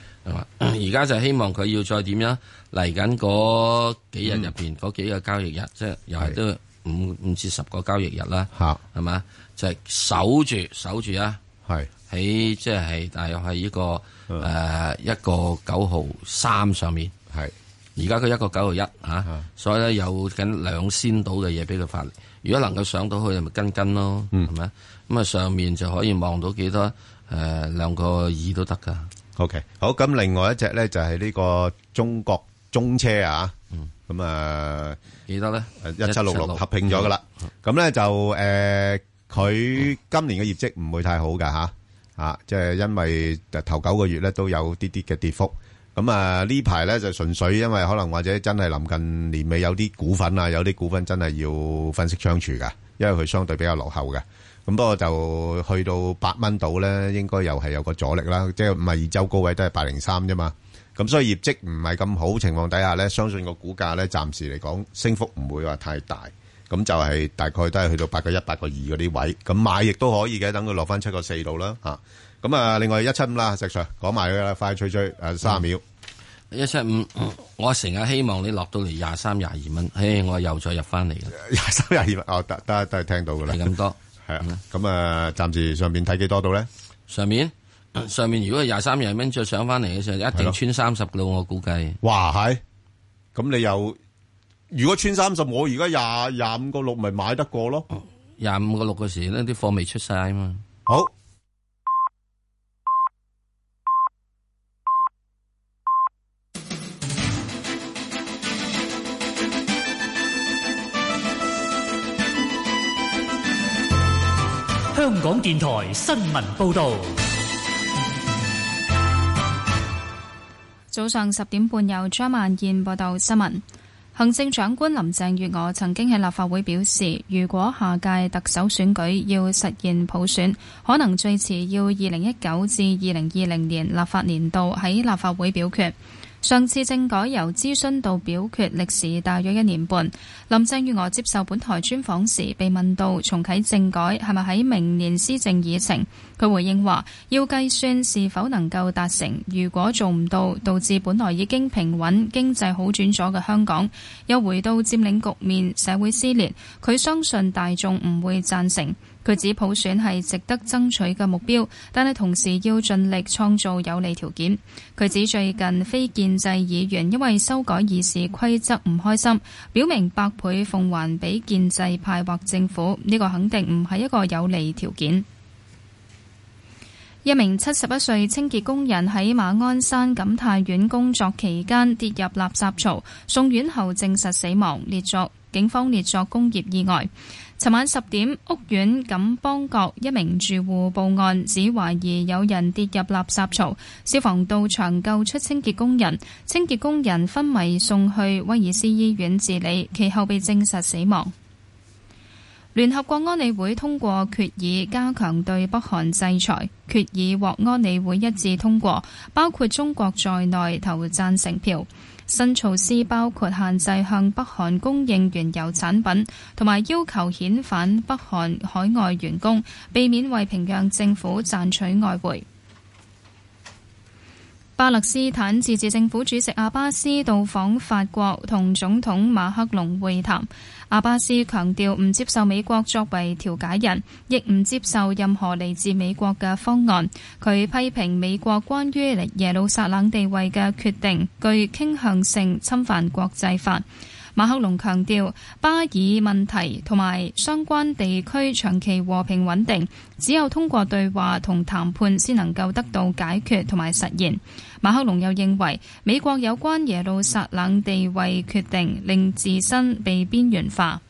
而家就希望佢要再點樣嚟緊嗰幾日入邊嗰幾個交易日，即係又係都五五至十個交易日啦。嚇，係嘛？就係守住守住啊！係喺即係，大約係呢個誒一個九號三上面。係。而家佢一個九個一嚇，所以咧有緊兩先到嘅嘢俾佢發力，如果能夠上到去，咪跟跟咯，係咪咁啊？上面就可以望到幾多誒兩個二都得噶。OK，好咁，另外一隻咧就係、是、呢個中國中車啊，咁啊幾多咧？一七六六合拼咗噶啦，咁咧、嗯嗯、就誒佢、呃、今年嘅業績唔會太好嘅嚇，啊，即、就、係、是、因為頭九個月咧都有啲啲嘅跌幅。咁啊，呢排呢就純粹因為可能或者真係臨近年尾有啲股份啊，有啲股份真係要分析相處嘅，因為佢相對比較落後嘅。咁不過就去到八蚊到呢，應該又係有個阻力啦，即係唔係二周高位都係八零三啫嘛。咁所以業績唔係咁好情況底下呢，相信個股價呢，暫時嚟講升幅唔會話太大，咁就係、是、大概都係去到八個一、八個二嗰啲位。咁買亦都可以嘅，等佢落翻七個四度啦嚇。咁啊，另外一七五啦，石 Sir 講埋佢啦，快脆脆誒，三十秒、嗯、一七五，我成日希望你落到嚟廿三廿二蚊，唉，我又再入翻嚟嘅廿三廿二蚊，哦，得得得，聽到噶啦，咁對 多，係啊的，咁啊、嗯，暫時上面睇幾多度咧？上面上面如果廿三廿二蚊再上翻嚟嘅時候，一定穿三十噶，我估計。哇係，咁你又如果穿三十，我而家廿廿五個六咪買得過咯？廿五個六嘅時咧，啲貨未出晒啊嘛。好。港電台新聞報道，早上十點半由張萬燕報道新聞。行政長官林鄭月娥曾經喺立法會表示，如果下屆特首選舉要實現普選，可能最遲要二零一九至二零二零年立法年度喺立法會表決。上次政改由諮詢到表決歷時大約一年半。林鄭月娥接受本台專訪時被問到重啟政改係咪喺明年施政議程，佢回應話要計算是否能夠達成。如果做唔到，導致本來已經平穩經濟好轉咗嘅香港又回到佔領局面、社會撕裂，佢相信大眾唔會贊成。佢指普選係值得爭取嘅目標，但係同時要盡力創造有利條件。佢指最近非建制議員因為修改議事規則唔開心，表明百倍奉還俾建制派或政府，呢個肯定唔係一個有利條件。一名七十一歲清潔工人喺馬鞍山錦泰苑工作期間跌入垃圾槽，送院後證實死亡，列作警方列作工業意外。尋晚十點，屋苑錦邦閣一名住戶報案，指懷疑有人跌入垃圾槽，消防到場救出清潔工人，清潔工人昏迷送去威爾斯醫院治理，其後被證實死亡。聯合國安理會通過決議加強對北韓制裁，決議獲安理會一致通過，包括中國在內投贊成票。新措施包括限制向北韓供應原油產品，同埋要求遣返北韓海外員工，避免為平壤政府賺取外匯。巴勒斯坦自治政府主席阿巴斯到訪法國，同總統馬克龍會談。阿巴斯強調唔接受美國作為調解人，亦唔接受任何嚟自美國嘅方案。佢批評美國關於耶路撒冷地位嘅決定，具傾向性侵犯國際法。馬克龍強調巴以問題同埋相關地區長期和平穩定，只有通過對話同談判先能夠得到解決同埋實現。馬克龍又認為，美國有關耶路撒冷地位決定，令自身被邊緣化。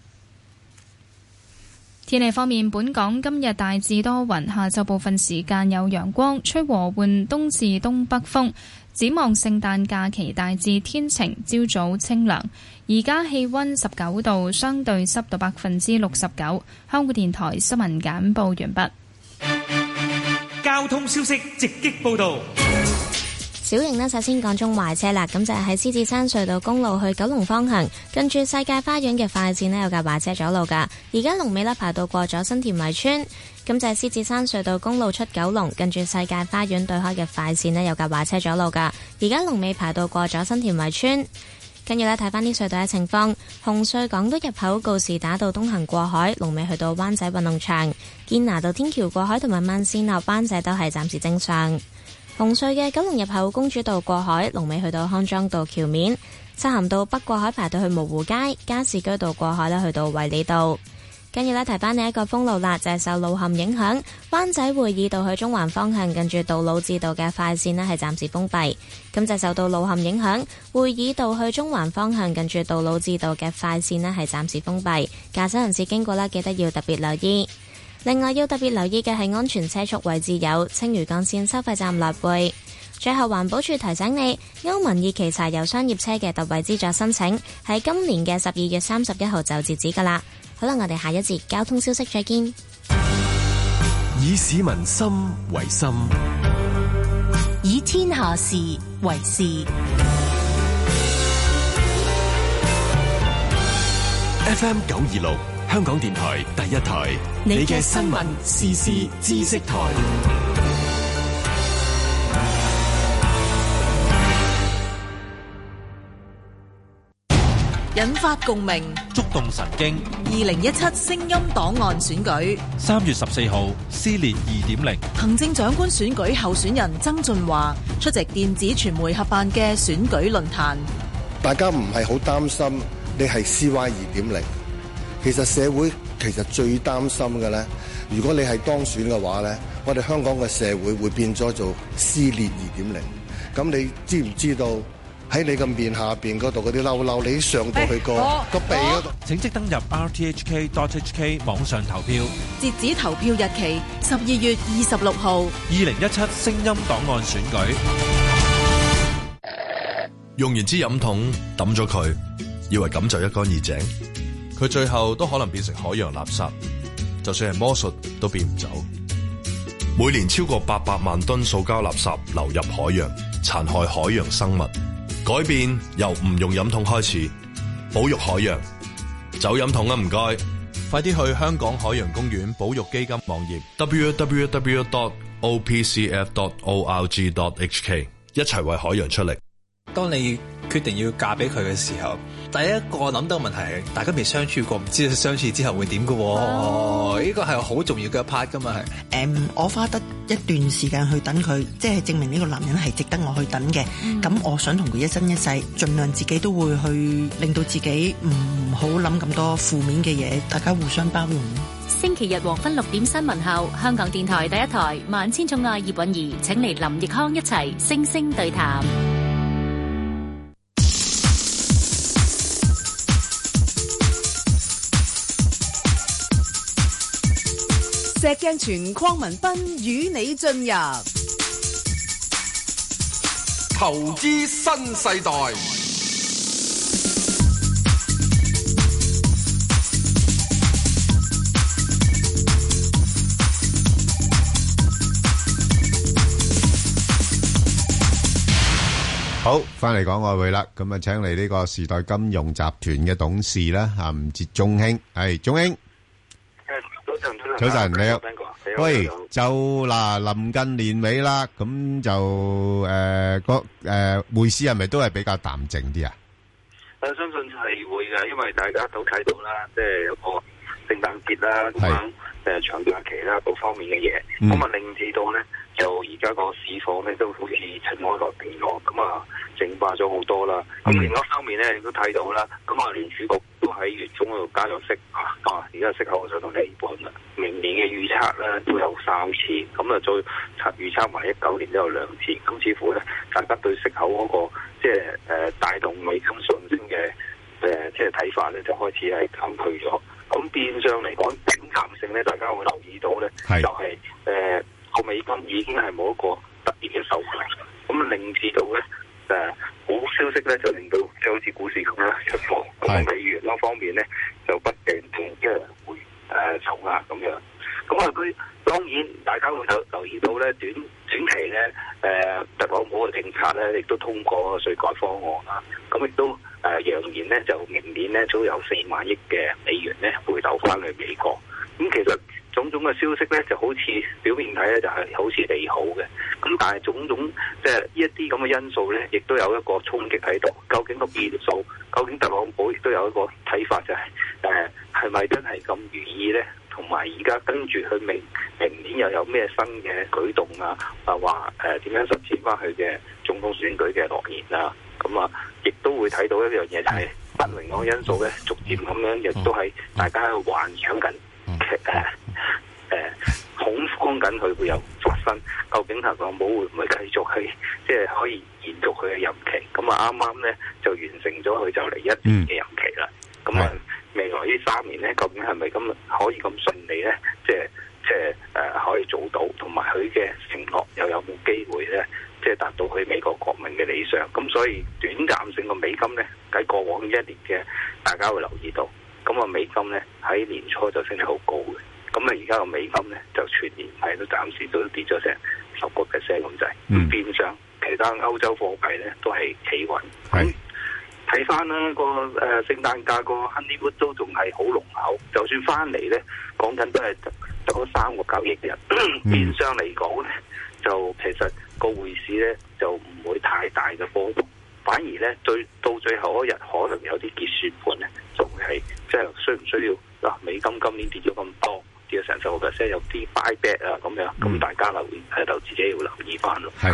天氣方面，本港今日大致多雲，下晝部分時間有陽光，吹和緩東至東北風。展望聖誕假期，大致天晴，朝早清涼。而家氣溫十九度，相對濕度百分之六十九。香港電台新聞簡報完畢。交通消息直擊報道。小型呢，首先講中壞車啦，咁就係喺獅子山隧道公路去九龍方向，近住世界花園嘅快線呢，有架壞車阻路噶。而家龍尾呢，排到過咗新田圍村，咁就係獅子山隧道公路出九龍，近住世界花園對開嘅快線呢，有架壞車阻路噶。而家龍尾排到過咗新田圍村，跟住呢，睇翻啲隧道嘅情況，紅隧港島入口告士打道東行過海，龍尾去到灣仔運動場，堅拿道天橋過海同埋慢線落灣仔都係暫時正常。紅隧嘅九龍入口公主道過海，龍尾去到康莊道橋面，漆咸道北過海排到去蕪湖街、加士居道過海咧，去到衛理道。跟住呢，提返你一個封路啦，就係、是、受路陷影響，灣仔會議道去中環方向，近住道路至道嘅快線咧係暫時封閉。咁就受到路陷影響，會議道去中環方向，近住道路至道嘅快線咧係暫時封閉，駕駛人士經過咧記得要特別留意。另外要特別留意嘅係安全車速位置有青嶼幹線收費站立會。最後環保署提醒你，歐盟二期柴油商業車嘅特惠資助申請喺今年嘅十二月三十一號就截止噶啦。好啦，我哋下一節交通消息再見。以市民心為心，以天下事為事。FM 九二六。香港電台第一台，你嘅新聞時事知識台，引發共鳴，觸動神經。二零一七聲音檔案選舉，三月十四號，撕裂二點零。行政長官選舉候選人曾俊華出席電子傳媒合辦嘅選舉論壇。大家唔係好擔心，你係 C Y 二點零。其實社會其實最擔心嘅咧，如果你係當選嘅話咧，我哋香港嘅社會會變咗做撕裂二點零。咁你知唔知道喺你嘅面下邊嗰度嗰啲嬲嬲，你上到去個個鼻嗰度？哎、請即登入 rthk dot hk 網上投票。截止投票日期十二月二十六號。二零一七聲音檔案選舉。用完支飲筒抌咗佢，以為咁就一乾二淨。佢最後都可能變成海洋垃圾，就算係魔術都變唔走。每年超過八百萬噸塑膠垃圾流入海洋，殘害海洋生物。改變由唔用飲筒開始，保育海洋。走飲筒啊，唔該，快啲去香港海洋公園保育基金網頁 www.opcf.org.hk，一齊為海洋出力。當你決定要嫁俾佢嘅時候，第一個諗到問題係，大家未相處過，唔知相處之後會點噶？呢個係好重要嘅 part 噶嘛？係、um, 我花得一段時間去等佢，即係證明呢個男人係值得我去等嘅。咁、mm. 嗯，我想同佢一生一世，盡量自己都會去令到自己唔好諗咁多負面嘅嘢，大家互相包容。星期日黃昏六點新聞後，香港電台第一台萬千寵愛葉允兒，請嚟林奕康一齊聲聲對談。石鏡泉、鄺民彬與你進入投資新世代，好，翻嚟講外匯啦，咁啊，請嚟呢個時代金融集團嘅董事啦，吓，吳哲中興，係中興。早晨，你好。喂，就嗱，臨近年尾啦，咁就誒，個、呃、誒，匯市係咪都係比較淡靜啲啊？我、呃、相信係會嘅，因為大家都睇到啦，即係有個聖誕節啦，咁樣誒長假期啦、啊，各方面嘅嘢，咁啊令至到咧。就而家個市況咧都好似塵埃落地咗，咁啊淨化咗好多啦。咁另一方面咧，亦都睇到啦。咁啊，聯儲局都喺月中嗰度加咗息啊。而家息口我想同你一般啦。明年嘅預測咧都有三次，咁啊再預測埋一九年都有兩次。咁似乎咧，大家對息口嗰、那個即係誒帶動美金上升嘅誒，即係睇法咧就開始係減退咗。咁變相嚟講，敏感性咧，大家會留意到咧，就係、是、誒。是個美金已經係冇一個突然嘅收盤，咁令至到咧誒、呃、好,好消息咧就令到即係好似股市咁咧出貨，咁美元方面咧就不停停即係會誒受壓咁樣。咁啊佢當然大家會留留意到咧短短期咧誒、呃、特朗普嘅政策咧亦都通過個稅改方案啦，咁亦都誒揚言咧就明年咧都有四萬億嘅美元咧回流翻去美國，咁、嗯、其實。種種嘅消息咧，就好似表面睇咧就係好似利好嘅，咁但係種種即係呢一啲咁嘅因素咧，亦都有一個衝擊喺度。究竟個變數，究竟特朗普亦都有一個睇法，就係誒係咪真係咁如意咧？同埋而家跟住佢明明年又有咩新嘅舉動啊？啊話誒點樣實踐翻佢嘅總統選舉嘅諾言啊？咁、嗯、啊，亦都會睇到一樣嘢就係、是、不明朗因素咧，逐漸咁樣亦都係大家喺度幻想緊嘅。呃誒，恐慌緊佢會有發生？究竟特朗普會唔會繼續去，即係可以延續佢嘅任期？咁啊，啱啱咧就完成咗佢就嚟一年嘅任期啦。咁啊，未來呢三年咧，究竟係咪咁可以咁順利咧？即係即係誒，可以做到，同埋佢嘅承諾又有冇機會咧？即係達到佢美國國民嘅理想？咁所以短暫性嘅美金咧，喺過往一年嘅，大家會留意到。咁、嗯、啊，美金咧喺年初就升得好高嘅。咁啊！而家個美金咧就全年係都暫時都跌咗成十個 percent 咁滯。變相、嗯、其他歐洲貨幣咧都係企穩。咁睇翻咧個誒、呃、聖誕假個 Honeywood 都仲係好濃厚。就算翻嚟咧，講緊都係得得三個交易日。變、嗯、相嚟講咧，就其實個匯市咧就唔會太大嘅波動。反而咧，最到最後嗰日可能有啲結算盤咧，仲係即係需唔需要嗱、啊？美金今年跌咗咁多。啲成數嘅，即係有啲 buy back 啊，咁樣，咁大家留意，係自己要留意翻咯。係，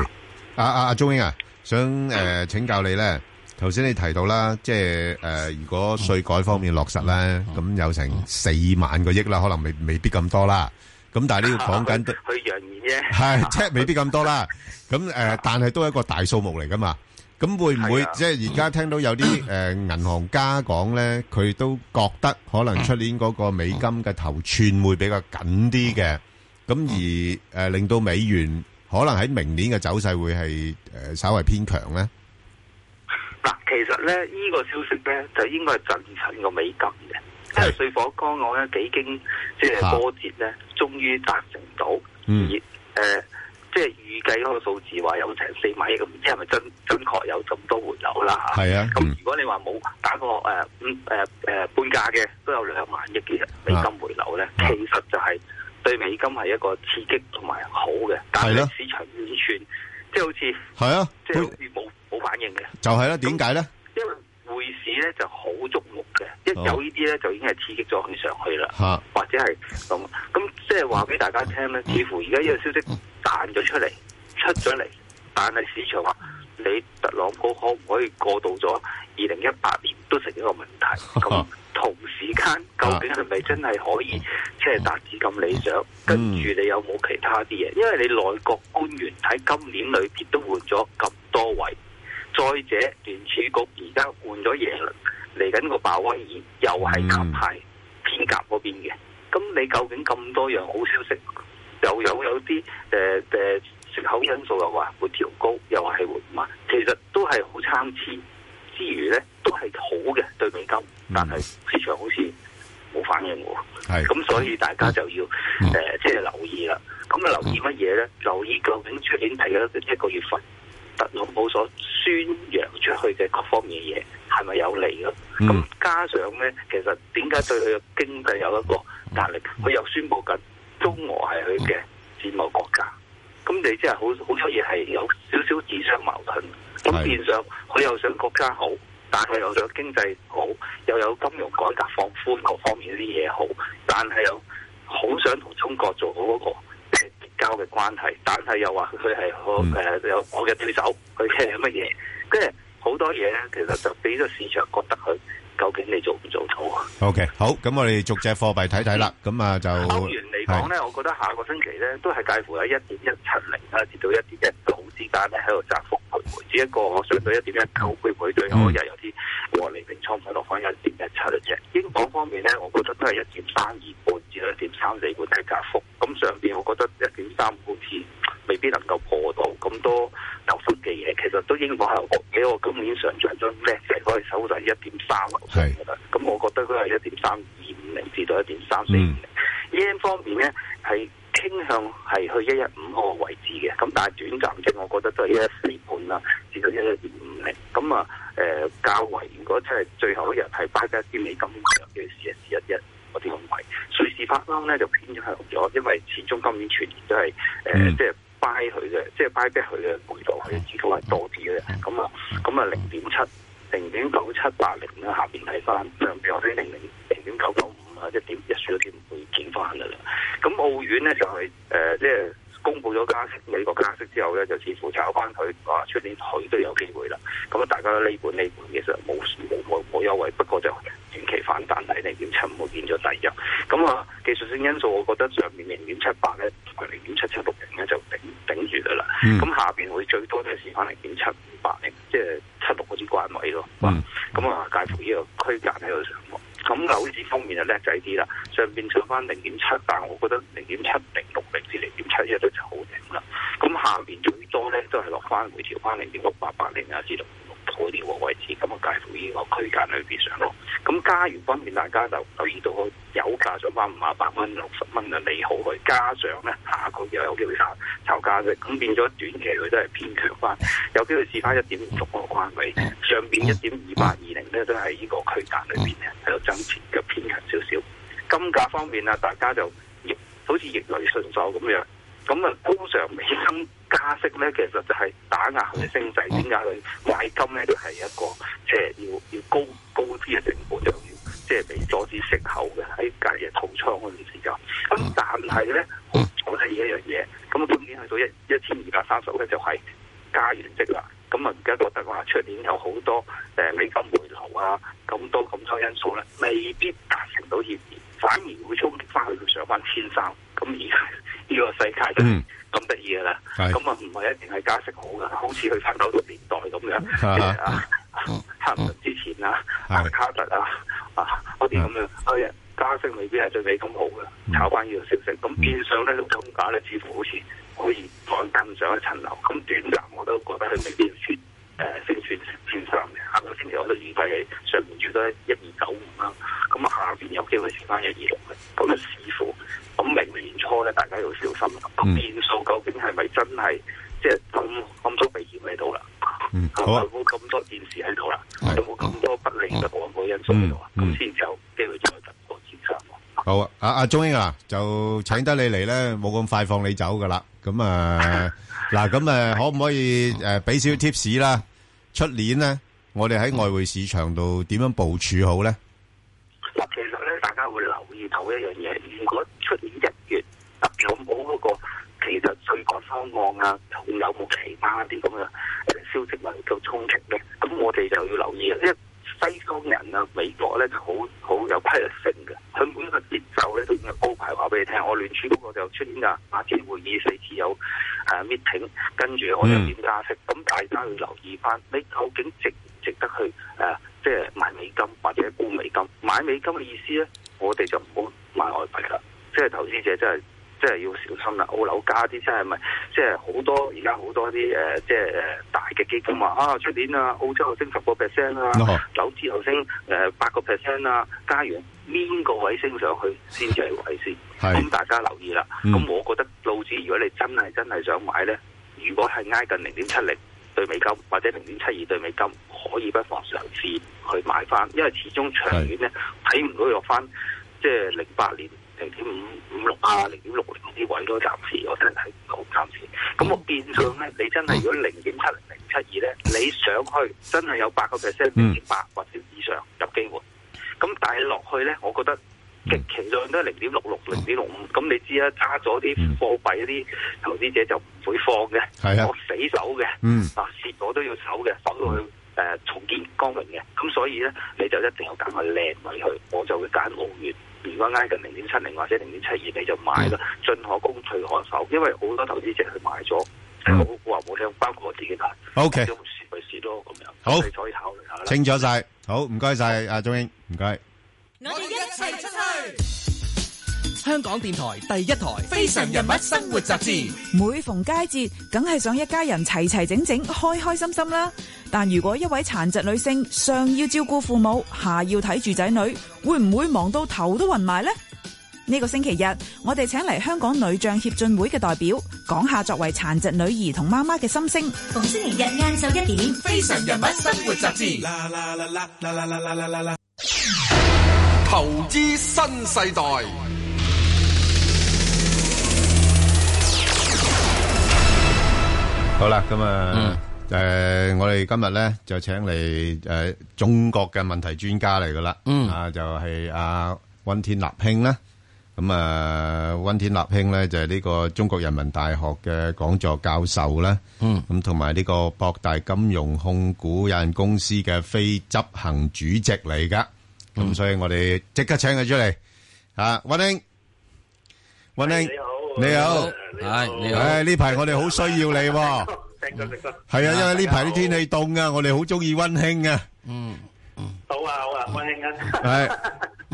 阿阿阿鍾英啊，想誒請教你咧。頭先你提到啦，即係誒，如果稅改方面落實咧，咁有成四萬個億啦，可能未未必咁多啦。咁但係你要講緊去揚言啫，係即係未必咁多啦。咁誒，但係都一個大數目嚟㗎嘛。咁會唔會即係而家聽到有啲誒銀行家講咧，佢都覺得可能出年嗰個美金嘅頭寸會比較緊啲嘅，咁而誒令到美元可能喺明年嘅走勢會係誒稍微偏強咧。嗱，其實咧呢個消息咧就應該係震震個美金嘅，因為水火剛我咧幾經即係波折咧，終於達成到而誒。即係預計嗰個數字話有成四萬億咁，即係咪真真確有咁多回流啦？係啊，咁如果你話冇打過誒誒誒半價嘅，都有兩萬億嘅美金回流咧。其實就係對美金係一個刺激同埋好嘅，但係市場完全即係好似係啊，即係好似冇冇反應嘅，就係啦。點解咧？因為匯市咧就好矚目嘅，一有呢啲咧就已經係刺激咗佢上去啦，或者係咁咁，即係話俾大家聽咧，似乎而家呢個消息。彈咗出嚟，出咗嚟，但係市場話你特朗普可唔可以過渡咗二零一八年都成一個問題。咁同時間究竟係咪真係可以即係達至咁理想？跟住你有冇其他啲嘢？因為你內閣官員喺今年裏邊都換咗咁多位，再者聯儲局而家換咗耶倫，嚟緊個鮑威爾又係鴿派，偏鴿嗰邊嘅。咁你究竟咁多樣好消息？又有有啲誒誒出口因素又話會調高，又話係會慢，其實都係好參差。之餘咧，都係好嘅對美金，但係市場好似冇反應喎。咁是，所以大家就要誒，即係、啊呃就是、留意啦。咁留意乜嘢咧？留意究竟出年第一一個月份，特朗普所宣揚出去嘅各方面嘢係咪有利咯？咁、嗯、加上咧，其實點解對佢嘅經濟有一個壓力？佢又宣佈緊。中俄係佢嘅姊妹國家，咁、哦、你即係好好多嘢係有少少自相矛盾。咁是變相佢又想國家好，但係又想經濟好，又有金融改革放寬各方面啲嘢好，但係又好想同中國做好嗰個結交嘅關係，但係又話佢係好，誒有、嗯呃、我嘅對手，佢嘅乜嘢，跟住好多嘢咧，其實就俾咗市場覺得佢究竟你做唔做到？O K，好，咁、嗯、我哋逐隻貨幣睇睇啦，咁啊就。嗯嗯講咧，我覺得下個星期咧都係介乎喺一點一七零啊，至到一點一九之間咧喺度窄幅徘徊。只不過，我上到一點一九會唔會，對又係有啲獲利平倉唔肯落翻一點一七嘅。英鎊方面咧，我覺得都係一點三二半至到一點三四半嘅窄幅。咁上邊我覺得一點三好似未必能夠破到咁多流失嘅嘢。其實都英鎊係我俾我今年想像中叻嘅，我係守住一點三，係嘅啦。咁我覺得佢係一點三二五零至到一點三四加一點五個關位，上邊一點二八二零咧都喺呢個區間裏邊咧喺度增持，嘅偏強少少。金價方面啊，大家就。 食好噶，好似去九十年代咁樣，啊，三十年之前啊，阿卡特啊，啊，嗰啲咁樣，佢加息未必係最尾咁好嘅，炒翻呢個消息，咁變相咧，啲金價咧，似乎好似可以再更上一層樓。咁短暫我都覺得佢未必穿，誒， 升穿一千三嘅。下個星期我都預計係上面處得一二九五啦，咁下邊有機會蝕翻一二六。嘅。咁啊，似乎咁明年初咧，大家要小心。咁變數究竟係咪真係？即係咁，咁多危險喺度啦，好啊！咁多件事喺度啦，有冇咁多不利嘅外部因素啊？咁先有機會有得做市場。好啊，阿阿鍾英啊，就請得你嚟咧，冇咁快放你走噶啦。咁啊，嗱，咁誒，可唔可以誒，俾少少 tips 啦？出年咧，我哋喺外匯市場度點樣部署好咧？嗱，其實咧，大家會留意頭一樣。其實佢個方案啊，仲有冇其他啲咁嘅消息或者充憧憬咧？咁我哋就要留意啦，因為西方人啊，美國咧就好好有規律性嘅，佢每一個節奏咧都安排話俾你聽。我聯儲嗰個就出現啊，八次會議四次有誒、啊、meeting，跟住我就點加息？咁大家要留意翻，你究竟值唔值得去誒、啊，即係買美金或者沽美金？買美金嘅意思咧，我哋就唔好買外幣啦，即係投資者真係。即係要小心啦！澳樓加啲真係咪？即係好多而家好多啲誒，即係誒大嘅基金話啊，出年啊，澳洲又升十個 percent 啊，紐紙又升誒八個 percent 啊，加完邊個位升上去先至係位先？咁、 嗯、大家留意啦。咁我覺得子，路指如果你真係真係想買咧，如果係挨近零點七零對美金或者零點七二對美金，可以不妨嘗試去買翻，因為始終長遠咧睇唔到落翻，即係零八年。零點五五六啊，零點六零啲位都暫時，我真係講暫時。咁我變相咧，你真係如果零點七零零七二咧，你上去真係有八個 percent 零點八或者以上有機會。咁但係落去咧，我覺得極其量都係零點六六零點六五。咁你知啦、啊，揸咗啲貨幣啲投資者就唔會放嘅，我死守嘅。嗯，啊蝕我都要守嘅，守到去誒、呃、重建光明嘅。咁所以咧，你就一定要揀個靚位去，我就會揀澳元。如果挨近零點七零或者零點七二，你就買咯，嗯、進可攻退可守，因為好多投資者去買咗，即係冇話冇聽，包括我自己買，Okay. 都蝕咪蝕咯，咁樣好以可以考慮下。清楚晒。好唔該晒，阿鍾、啊、英唔該，我哋一齊出去。香港電台第一台《非常人物生活雜誌》，每逢佳節，梗係想一家人齊齊整整、開開心心啦。但如果一位殘疾女性上要照顧父母，下要睇住仔女，會唔會忙到頭都暈埋呢？呢、呢個星期日，我哋請嚟香港女障協進會嘅代表，講下作為殘疾女兒同媽媽嘅心聲。逢星期日晏晝一點，《非常人物生活雜誌》啦。啦啦啦啦啦啦啦啦啦啦！投資新世代。好啦，咁啊，誒，我哋今日咧就請嚟誒中國嘅問題專家嚟噶啦，嗯，啊就係阿溫天納先生啦，咁啊溫天納先生咧就係呢個中國人民大學嘅講座教授啦，嗯，咁同埋呢個博大金融控股有限公司嘅非執行主席嚟噶，咁所以我哋即刻請佢出嚟，啊溫生，溫生。你好，係你好，誒呢排我哋好需要你，係啊，因為呢排啲天氣凍啊，我哋好中意溫馨啊。嗯，好啊，好啊，溫馨啊。係，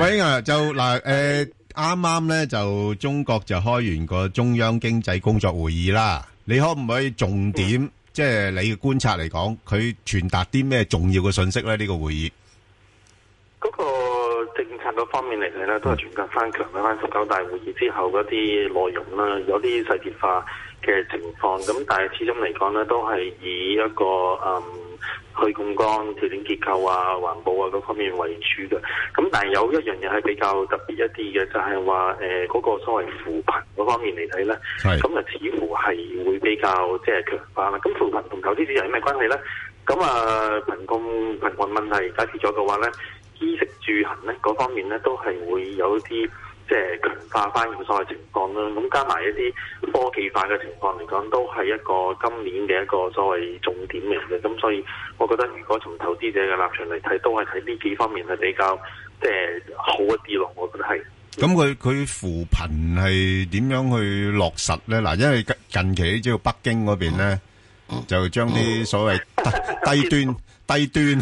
溫馨啊，就嗱，誒，啱啱咧就中國就開完個中央經濟工作會議啦。你可唔可以重點，即係你嘅觀察嚟講，佢傳達啲咩重要嘅信息咧？呢個會議。嗰個。各方面嚟睇咧，都係全級翻強嘅。翻十九大會議之後嗰啲內容啦，有啲細節化嘅情況。咁但係始終嚟講咧，都係以一個嗯去槓桿、調整結構啊、環保啊各方面為主嘅。咁但係有一樣嘢係比較特別一啲嘅，就係話誒嗰個所謂扶貧嗰方面嚟睇咧，咁就是似乎係會比較即係強化啦。咁扶貧同投資啲有咩關係咧？咁啊貧窮貧困問題解決咗嘅話咧？衣食住行咧，嗰方面咧都係會有一啲即係強化翻嘅所謂情況啦。咁加埋一啲科技化嘅情況嚟講，都係一個今年嘅一個所謂重點嚟嘅。咁所以，我覺得如果從投資者嘅立場嚟睇，都係睇呢幾方面係比較即係好一啲咯。我覺得係。咁佢佢扶貧係點樣去落實咧？嗱，因為近期即係北京嗰邊咧，嗯、就將啲所謂低端低端。 低端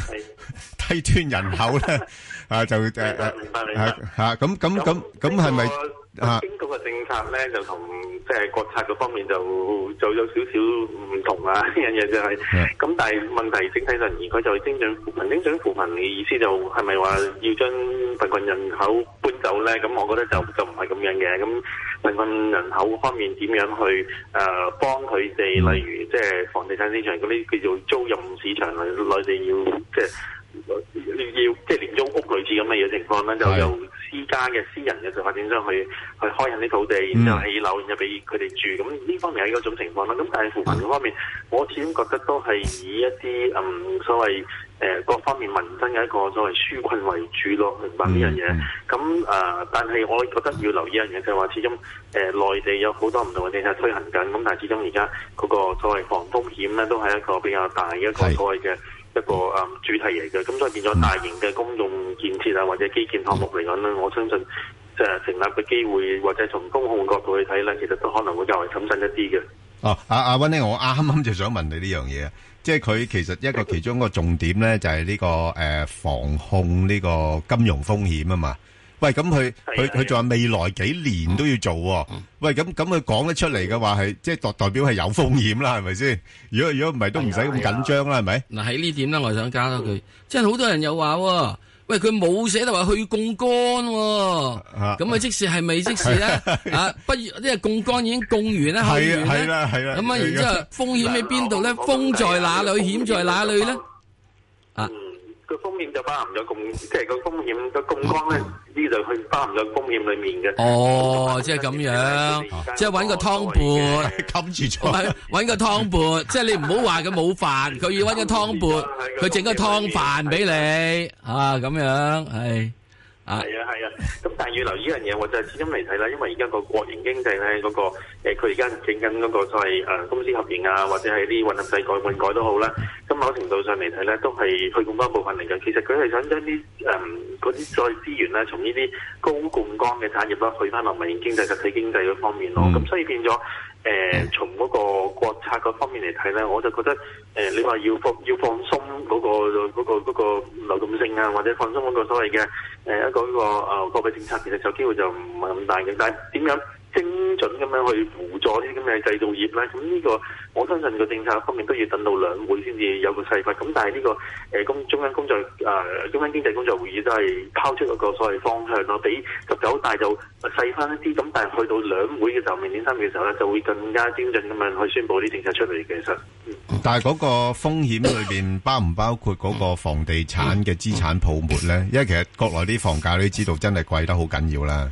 低端人口咧啊，就誒，明白你啦吓，咁咁咁咁係咪啊？經過個政策咧，就同即係國策個方面就就有少少唔同啊，呢樣嘢就係，咁但係問題整體上而家就精準扶貧精準扶貧嘅意思就係咪話要將貧困人口搬走咧？咁我覺得就就唔係咁樣嘅，咁貧困人口方面點樣去誒幫佢哋？例如即係房地產市場嗰啲叫做租賃市場，內內地要即係。要即係廉租屋類似咁嘅嘢情況咧，是就由私家嘅私人嘅就發展商去去開闢啲土地，然後起樓，然後俾佢哋住。咁呢方面係一種情況啦。咁但係扶貧嗰方面，嗯、我始終覺得都係以一啲嗯所謂誒、呃、各方面民生嘅一個所謂紓困為主咯。明白呢樣嘢。咁啊、嗯呃，但係我覺得要留意一樣嘢就係話，始終誒、呃、內地有好多唔同嘅政策推行緊。咁但係始終而家嗰個所謂防風險咧，都係一個比較大嘅一個所謂嘅。一個誒主題嚟嘅，咁所以變咗大型嘅公用建設啊，或者基建項目嚟講咧，嗯、我相信即係、呃、成立嘅機會，或者從公控角度去睇咧，其實都可能會較為審慎一啲嘅。哦，阿阿溫丁，我啱啱就想問你呢樣嘢啊，即係佢其實一個其中一個重點咧，就係、是、呢、這個誒、呃、防控呢個金融風險啊嘛。喂，咁佢佢佢仲話未來幾年都要做，喂咁咁佢講得出嚟嘅話係，即係代代表係有風險啦，係咪先？如果如果唔係都唔使咁緊張啦，係咪？嗱喺呢點咧，我想加多句，即係好多人又話，喂佢冇寫到話去槓桿，咁啊即時係咪即時咧？啊，不如呢個槓桿已經供完咧，去完咧，咁啊然之後風險喺邊度咧？風在哪裏？險在哪裏咧？啊！個風險就包含咗共，即係個風險個槓桿咧，呢就去包含咗風險裏面嘅。哦，即係咁樣，啊、即係搵個湯鉢，冚住咗，搵個湯鉢， 即係你唔好話佢冇飯，佢 要搵個湯鉢，佢整 個湯飯俾你， 啊，咁樣係。哎係啊，係、哎、啊，咁但係要留意一樣嘢，我就係始終嚟睇啦，因為而家個國營經濟咧、那、嗰個佢而家整緊嗰個所謂誒公司合營啊，或者係啲混合制改混改都好啦。咁、那、某、個、程度上嚟睇咧，都係去槓桿部分嚟嘅。其實佢係想將啲誒嗰啲再資源咧，從呢啲高槓桿嘅產業啦，去翻落民營經濟、實體經濟嗰方面咯。咁、嗯、所以變咗。誒、呃、從嗰個國策嗰方面嚟睇咧，我就覺得誒、呃、你話要放要放鬆嗰、那個嗰、那個那個、流動性啊，或者放鬆嗰個所謂嘅誒一個嗰個誒貨幣政策，其實就機會就唔係咁大嘅。但係點樣？精準咁樣去輔助啲咁嘅製造業咧，咁呢個我相信個政策方面都要等到兩會先至有個細法。咁但係呢、呢個誒工、呃、中央工作誒、呃、中央經濟工作會議都係拋出一個所謂方向咯，比十九大就細翻一啲。咁但係去到兩會嘅時候，明年三月嘅時候咧，就會更加精準咁樣去宣佈啲政策出嚟嘅。其實，嗯、但係嗰個風險裏邊包唔包括嗰個房地產嘅資產泡沫咧？因為其實國內啲房價你都知道真係貴得好緊要啦。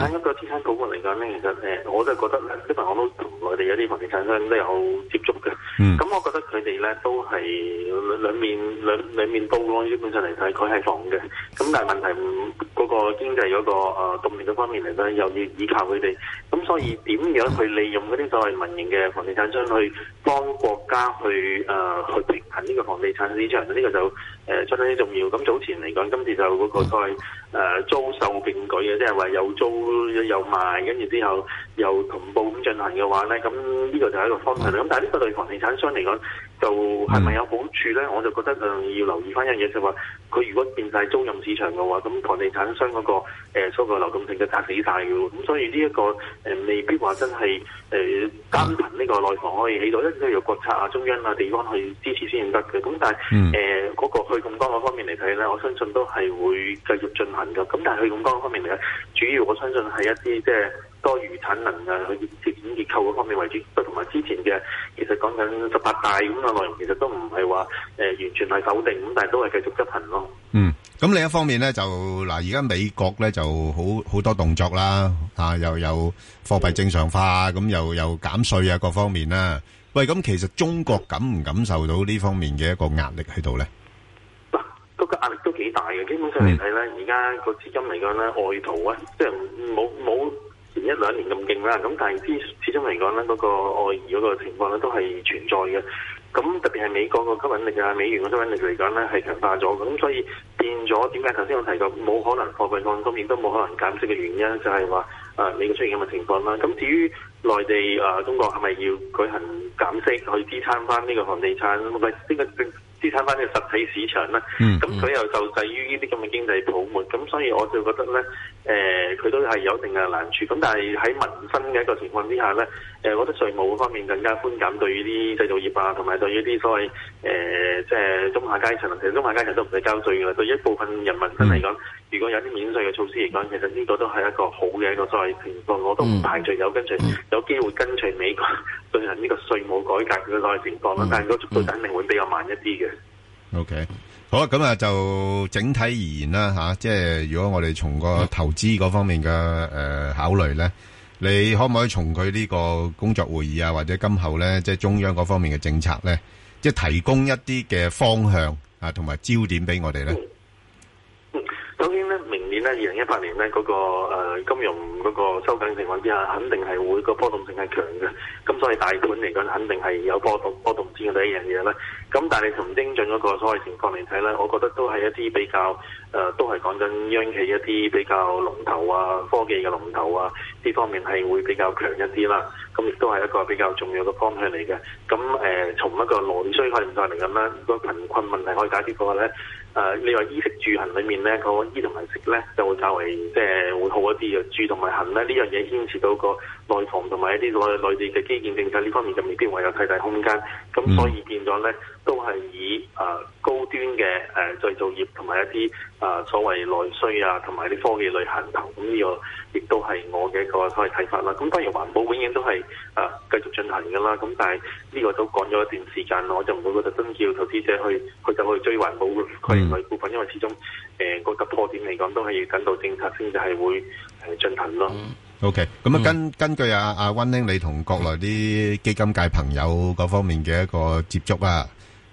喺一個資產角度嚟講咧，其實誒，我都係覺得咧，因為我都同內地有啲房地產商都有接觸嘅。咁、mm. 嗯、我覺得佢哋咧都係兩面兩兩面刀基本上嚟睇，佢係房嘅。咁但係問題唔嗰、那個經濟嗰、那個誒動力、呃、方面嚟講，又要依靠佢哋。咁所以點樣去利用嗰啲所謂民營嘅房地產商去幫國家去誒、呃、去平衡呢個房地產市場咧？呢、這個就相當之重要。咁早前嚟講，今次就嗰個所謂誒、呃、租售並舉嘅，即係話有租。又賣，跟住之後又同步咁進行嘅話咧，咁、這、呢個就係一個方向。咁但係呢個對房地產商嚟講。就係咪有好處咧？我就覺得誒、呃、要留意翻一樣嘢，就係話佢如果變晒租賃市場嘅話，咁房地產商嗰、那個誒、呃、所謂流動性就死晒嘅喎。咁所以呢、這、一個誒、呃、未必話真係誒、呃、單憑呢個內房可以起到，一定要有國策啊、中央啊、地方、啊、去支持先得嘅。咁但係誒嗰個去咁多嗰方面嚟睇咧，我相信都係會繼續進行嘅。咁但係去咁多方面嚟睇，主要我相信係一啲即係。多餘產能啊，去調整結構嗰方面為主，同埋之前嘅其實講緊十八大咁嘅內容，其實都唔係話誒完全係否定咁，但係都係繼續執行咯。嗯，咁另一方面咧就嗱，而家美國咧就好好多動作啦，啊又有貨幣正常化，咁又又減稅啊各方面啦。喂，咁其實中國感唔感受到呢方面嘅一個壓力喺度咧？嗱，個壓力都幾大嘅，基本上嚟睇咧，而家個資金嚟講咧，外逃啊，即係冇冇。一兩年咁勁啦，咁但係之始終嚟講咧，嗰、嗰個外移嗰個情況咧都係存在嘅。咁特別係美國嗰吸引力啊，美元嗰吸引力嚟講咧係強化咗。咁所以變咗點解頭先我提及冇可能貨幣放鬆亦都冇可能減息嘅原因，就係話啊美國出現咁嘅情況啦。咁至於內地啊、呃、中國係咪要舉行減息去支撐翻呢個房地產？係咪呢個？資產翻去實體市場啦，咁佢、嗯嗯、又受制於呢啲咁嘅經濟泡沫，咁所以我就覺得咧，誒、呃、佢都係有一定嘅難處。咁但係喺民生嘅一個情況之下咧，誒、呃、我覺得稅務方面更加寬減對於啲製造業啊，同埋對於啲所謂誒即係中下階層，其實中下階層都唔使交稅嘅啦。對於一部分人民生嚟講。嗯嗯如果有啲免稅嘅措施嚟講，其實呢個都係一個好嘅一個所謂情況，我都唔排除有跟隨有機會跟隨美國進行呢個稅務改革嘅所謂情況啦，嗯、但係個速度肯定會比較慢一啲嘅。OK，好啊，咁啊就整體而言啦，吓、啊，即係如果我哋從個投資嗰方面嘅誒、呃、考慮咧，你可唔可以從佢呢個工作會議啊，或者今後咧，即係中央嗰方面嘅政策咧，即係提供一啲嘅方向啊同埋焦點俾我哋咧？嗯首先咧，明年咧，二零一八年咧，嗰、那個、呃、金融嗰個收緊情況之下，肯定係會個波動性係強嘅。咁、嗯、所以大盤嚟講，肯定係有波動、波動先嘅第一樣嘢咧。咁、嗯、但係從精準嗰個所謂情況嚟睇呢，我覺得都係一啲比較誒、呃，都係講緊央企一啲比較龍頭啊、科技嘅龍頭啊呢方面係會比較強一啲啦。咁亦都係一個比較重要嘅方向嚟嘅。咁、嗯、誒、呃，從一個內需概念上嚟講呢，如果貧困問題可以解決嘅話呢。誒、呃，你話衣食住行裏面咧，嗰衣同埋食咧就會較為即係、呃、會好一啲嘅。住同埋行咧，呢樣嘢牽涉到個內房同埋一啲內內地嘅基建政策呢方面就未必會有太大空間，咁所以變咗咧。嗯都係以誒、呃、高端嘅誒製造業同埋一啲誒、呃、所謂內需啊，同埋啲科技類行頭，咁、嗯、呢、這個亦都係我嘅一個所謂睇法啦。咁、啊、當然環保永遠都係誒、啊、繼續進行㗎啦。咁、啊、但係呢個都講咗一段時間，我就唔會覺得增叫投資者去佢就去追環保嘅佢類股份，因為始終誒個突破點嚟講，都係要等到政策先至係會誒、啊、進行咯、嗯。OK，咁啊、嗯嗯、根根據啊阿温 ing 你同國內啲基金界朋友嗰方面嘅一個接觸啊。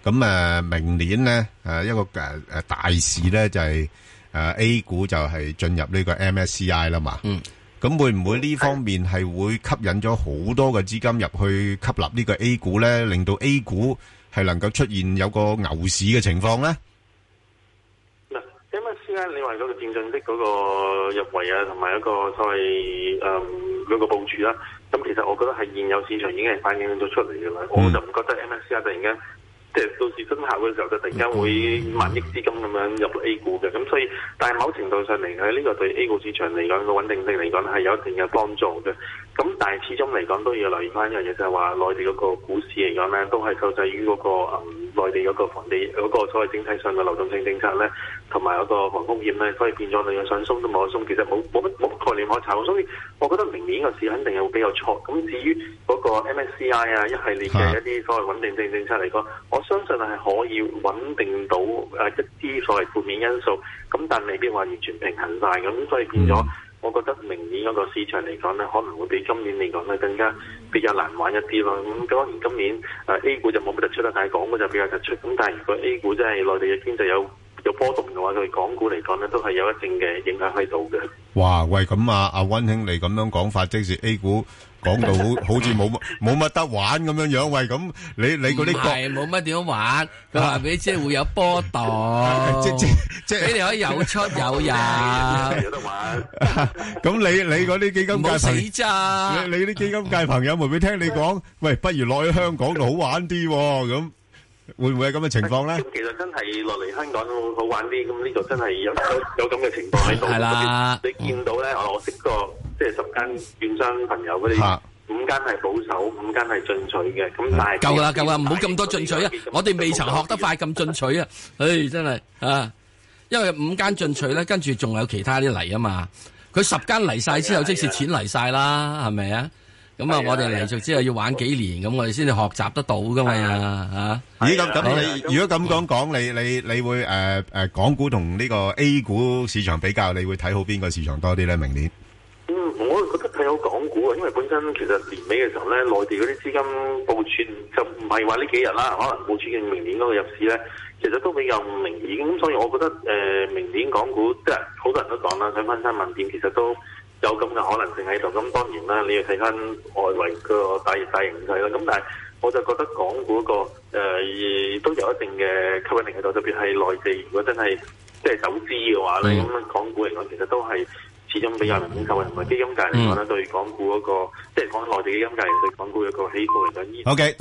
咁誒，明年咧，誒，一個誒誒大市咧就係誒 A 股就係進入呢個 MSCI 啦嘛。嗯。咁會唔會呢方面係會吸引咗好多嘅資金入去吸納呢個 A 股咧，令到 A 股係能夠出現有個牛市嘅情況咧？嗱，MSCI，你話嗰個漸進式嗰個入圍啊，同埋一個所謂誒嗰個部署啦。咁其實我覺得係現有市場已經係反映咗出嚟噶啦，我就唔覺得 MSCI 突然間。即係到時生效嘅時候，就突然間會萬億資金咁樣入到 A 股嘅，咁所以，但係某程度上嚟，喺呢個對 A 股市場嚟講，個穩定性嚟講，係有一定嘅幫助嘅。咁但係始終嚟講都要留意翻一樣嘢，就係話內地嗰個股市嚟講咧，都係受制於嗰個誒內、呃、地嗰個房地嗰、嗰個所謂整體上嘅流動性政策咧，同埋嗰個防風險咧，所以變咗你想鬆都冇得鬆，其實冇冇乜冇概念可查，所以我覺得明年呢個市肯定會比較錯。咁至於嗰個 MSCI 啊一系列嘅一啲所謂穩定性政策嚟講，我相信係可以穩定到誒一啲所謂負面因素，咁但未必唔話完全平衡晒，咁，所以變咗。嗯我覺得明年嗰個市場嚟講咧，可能會比今年嚟講咧更加比較難玩一啲咯。咁、嗯、當然今年誒 A 股就冇乜突出啦，港股就比較突出。咁但係如果 A 股真係內地嘅經濟有有波動嘅話，對港股嚟講咧，都係有一定嘅影響喺度嘅。哇，喂，咁啊，阿温兄你咁樣講法，即是 A 股。講 到好好似冇冇乜得玩咁樣樣，喂，咁你你嗰啲國係冇乜點樣玩，佢話俾你知會有波動， 即即即俾你可以有出有入，有得玩。咁你你嗰啲基金界冇死咋？你啲基金界朋友會唔會聽你講？喂，不如落去香港度好玩啲咁。會唔會有咁嘅情況咧？咁其實真係落嚟香港好玩啲，咁呢度真係有有有咁嘅情況。係啦，你見到咧，我識過即係十間券商朋友嗰啲，五間係保守，五間係進取嘅。咁但係夠啦，夠啦，唔好咁多進取啊！我哋未曾學得快咁進取啊！唉，真係啊，因為五間進取咧，跟住仲有其他啲嚟啊嘛。佢十間嚟晒之後，即使錢嚟晒啦，係咪啊？咁啊，我哋嚟熟之後要玩幾年，咁、嗯、我哋先至學習得到噶嘛？吓，咦，咁咁你、啊、如果咁講講，你你你會誒誒、呃呃、港股同呢個 A 股市場比較，你會睇好邊個市場多啲咧？明年？嗯，我我覺得睇好港股啊，因為本身其實年尾嘅時候咧，內地嗰啲資金部署就唔係話呢幾日啦，可能部署嘅明年嗰個入市咧，其實都比較明顯。咁所以我覺得誒、呃，明年港股即係好多人都講啦，想翻身文件其實都。有咁嘅可能性喺度，咁當然啦，你要睇翻外圍個大熱大形勢啦。咁但係我就覺得港股個誒都、呃、有一定嘅吸引力喺度，特別係內地如果真係即係走資嘅話咧，咁、mm hmm. 港股嚟講其實都係始終比較人民幣受惠同埋基金界嚟講對港股嗰個即係講內地基金界嚟對港股一個，股一個起步嚟講依然。Mm hmm.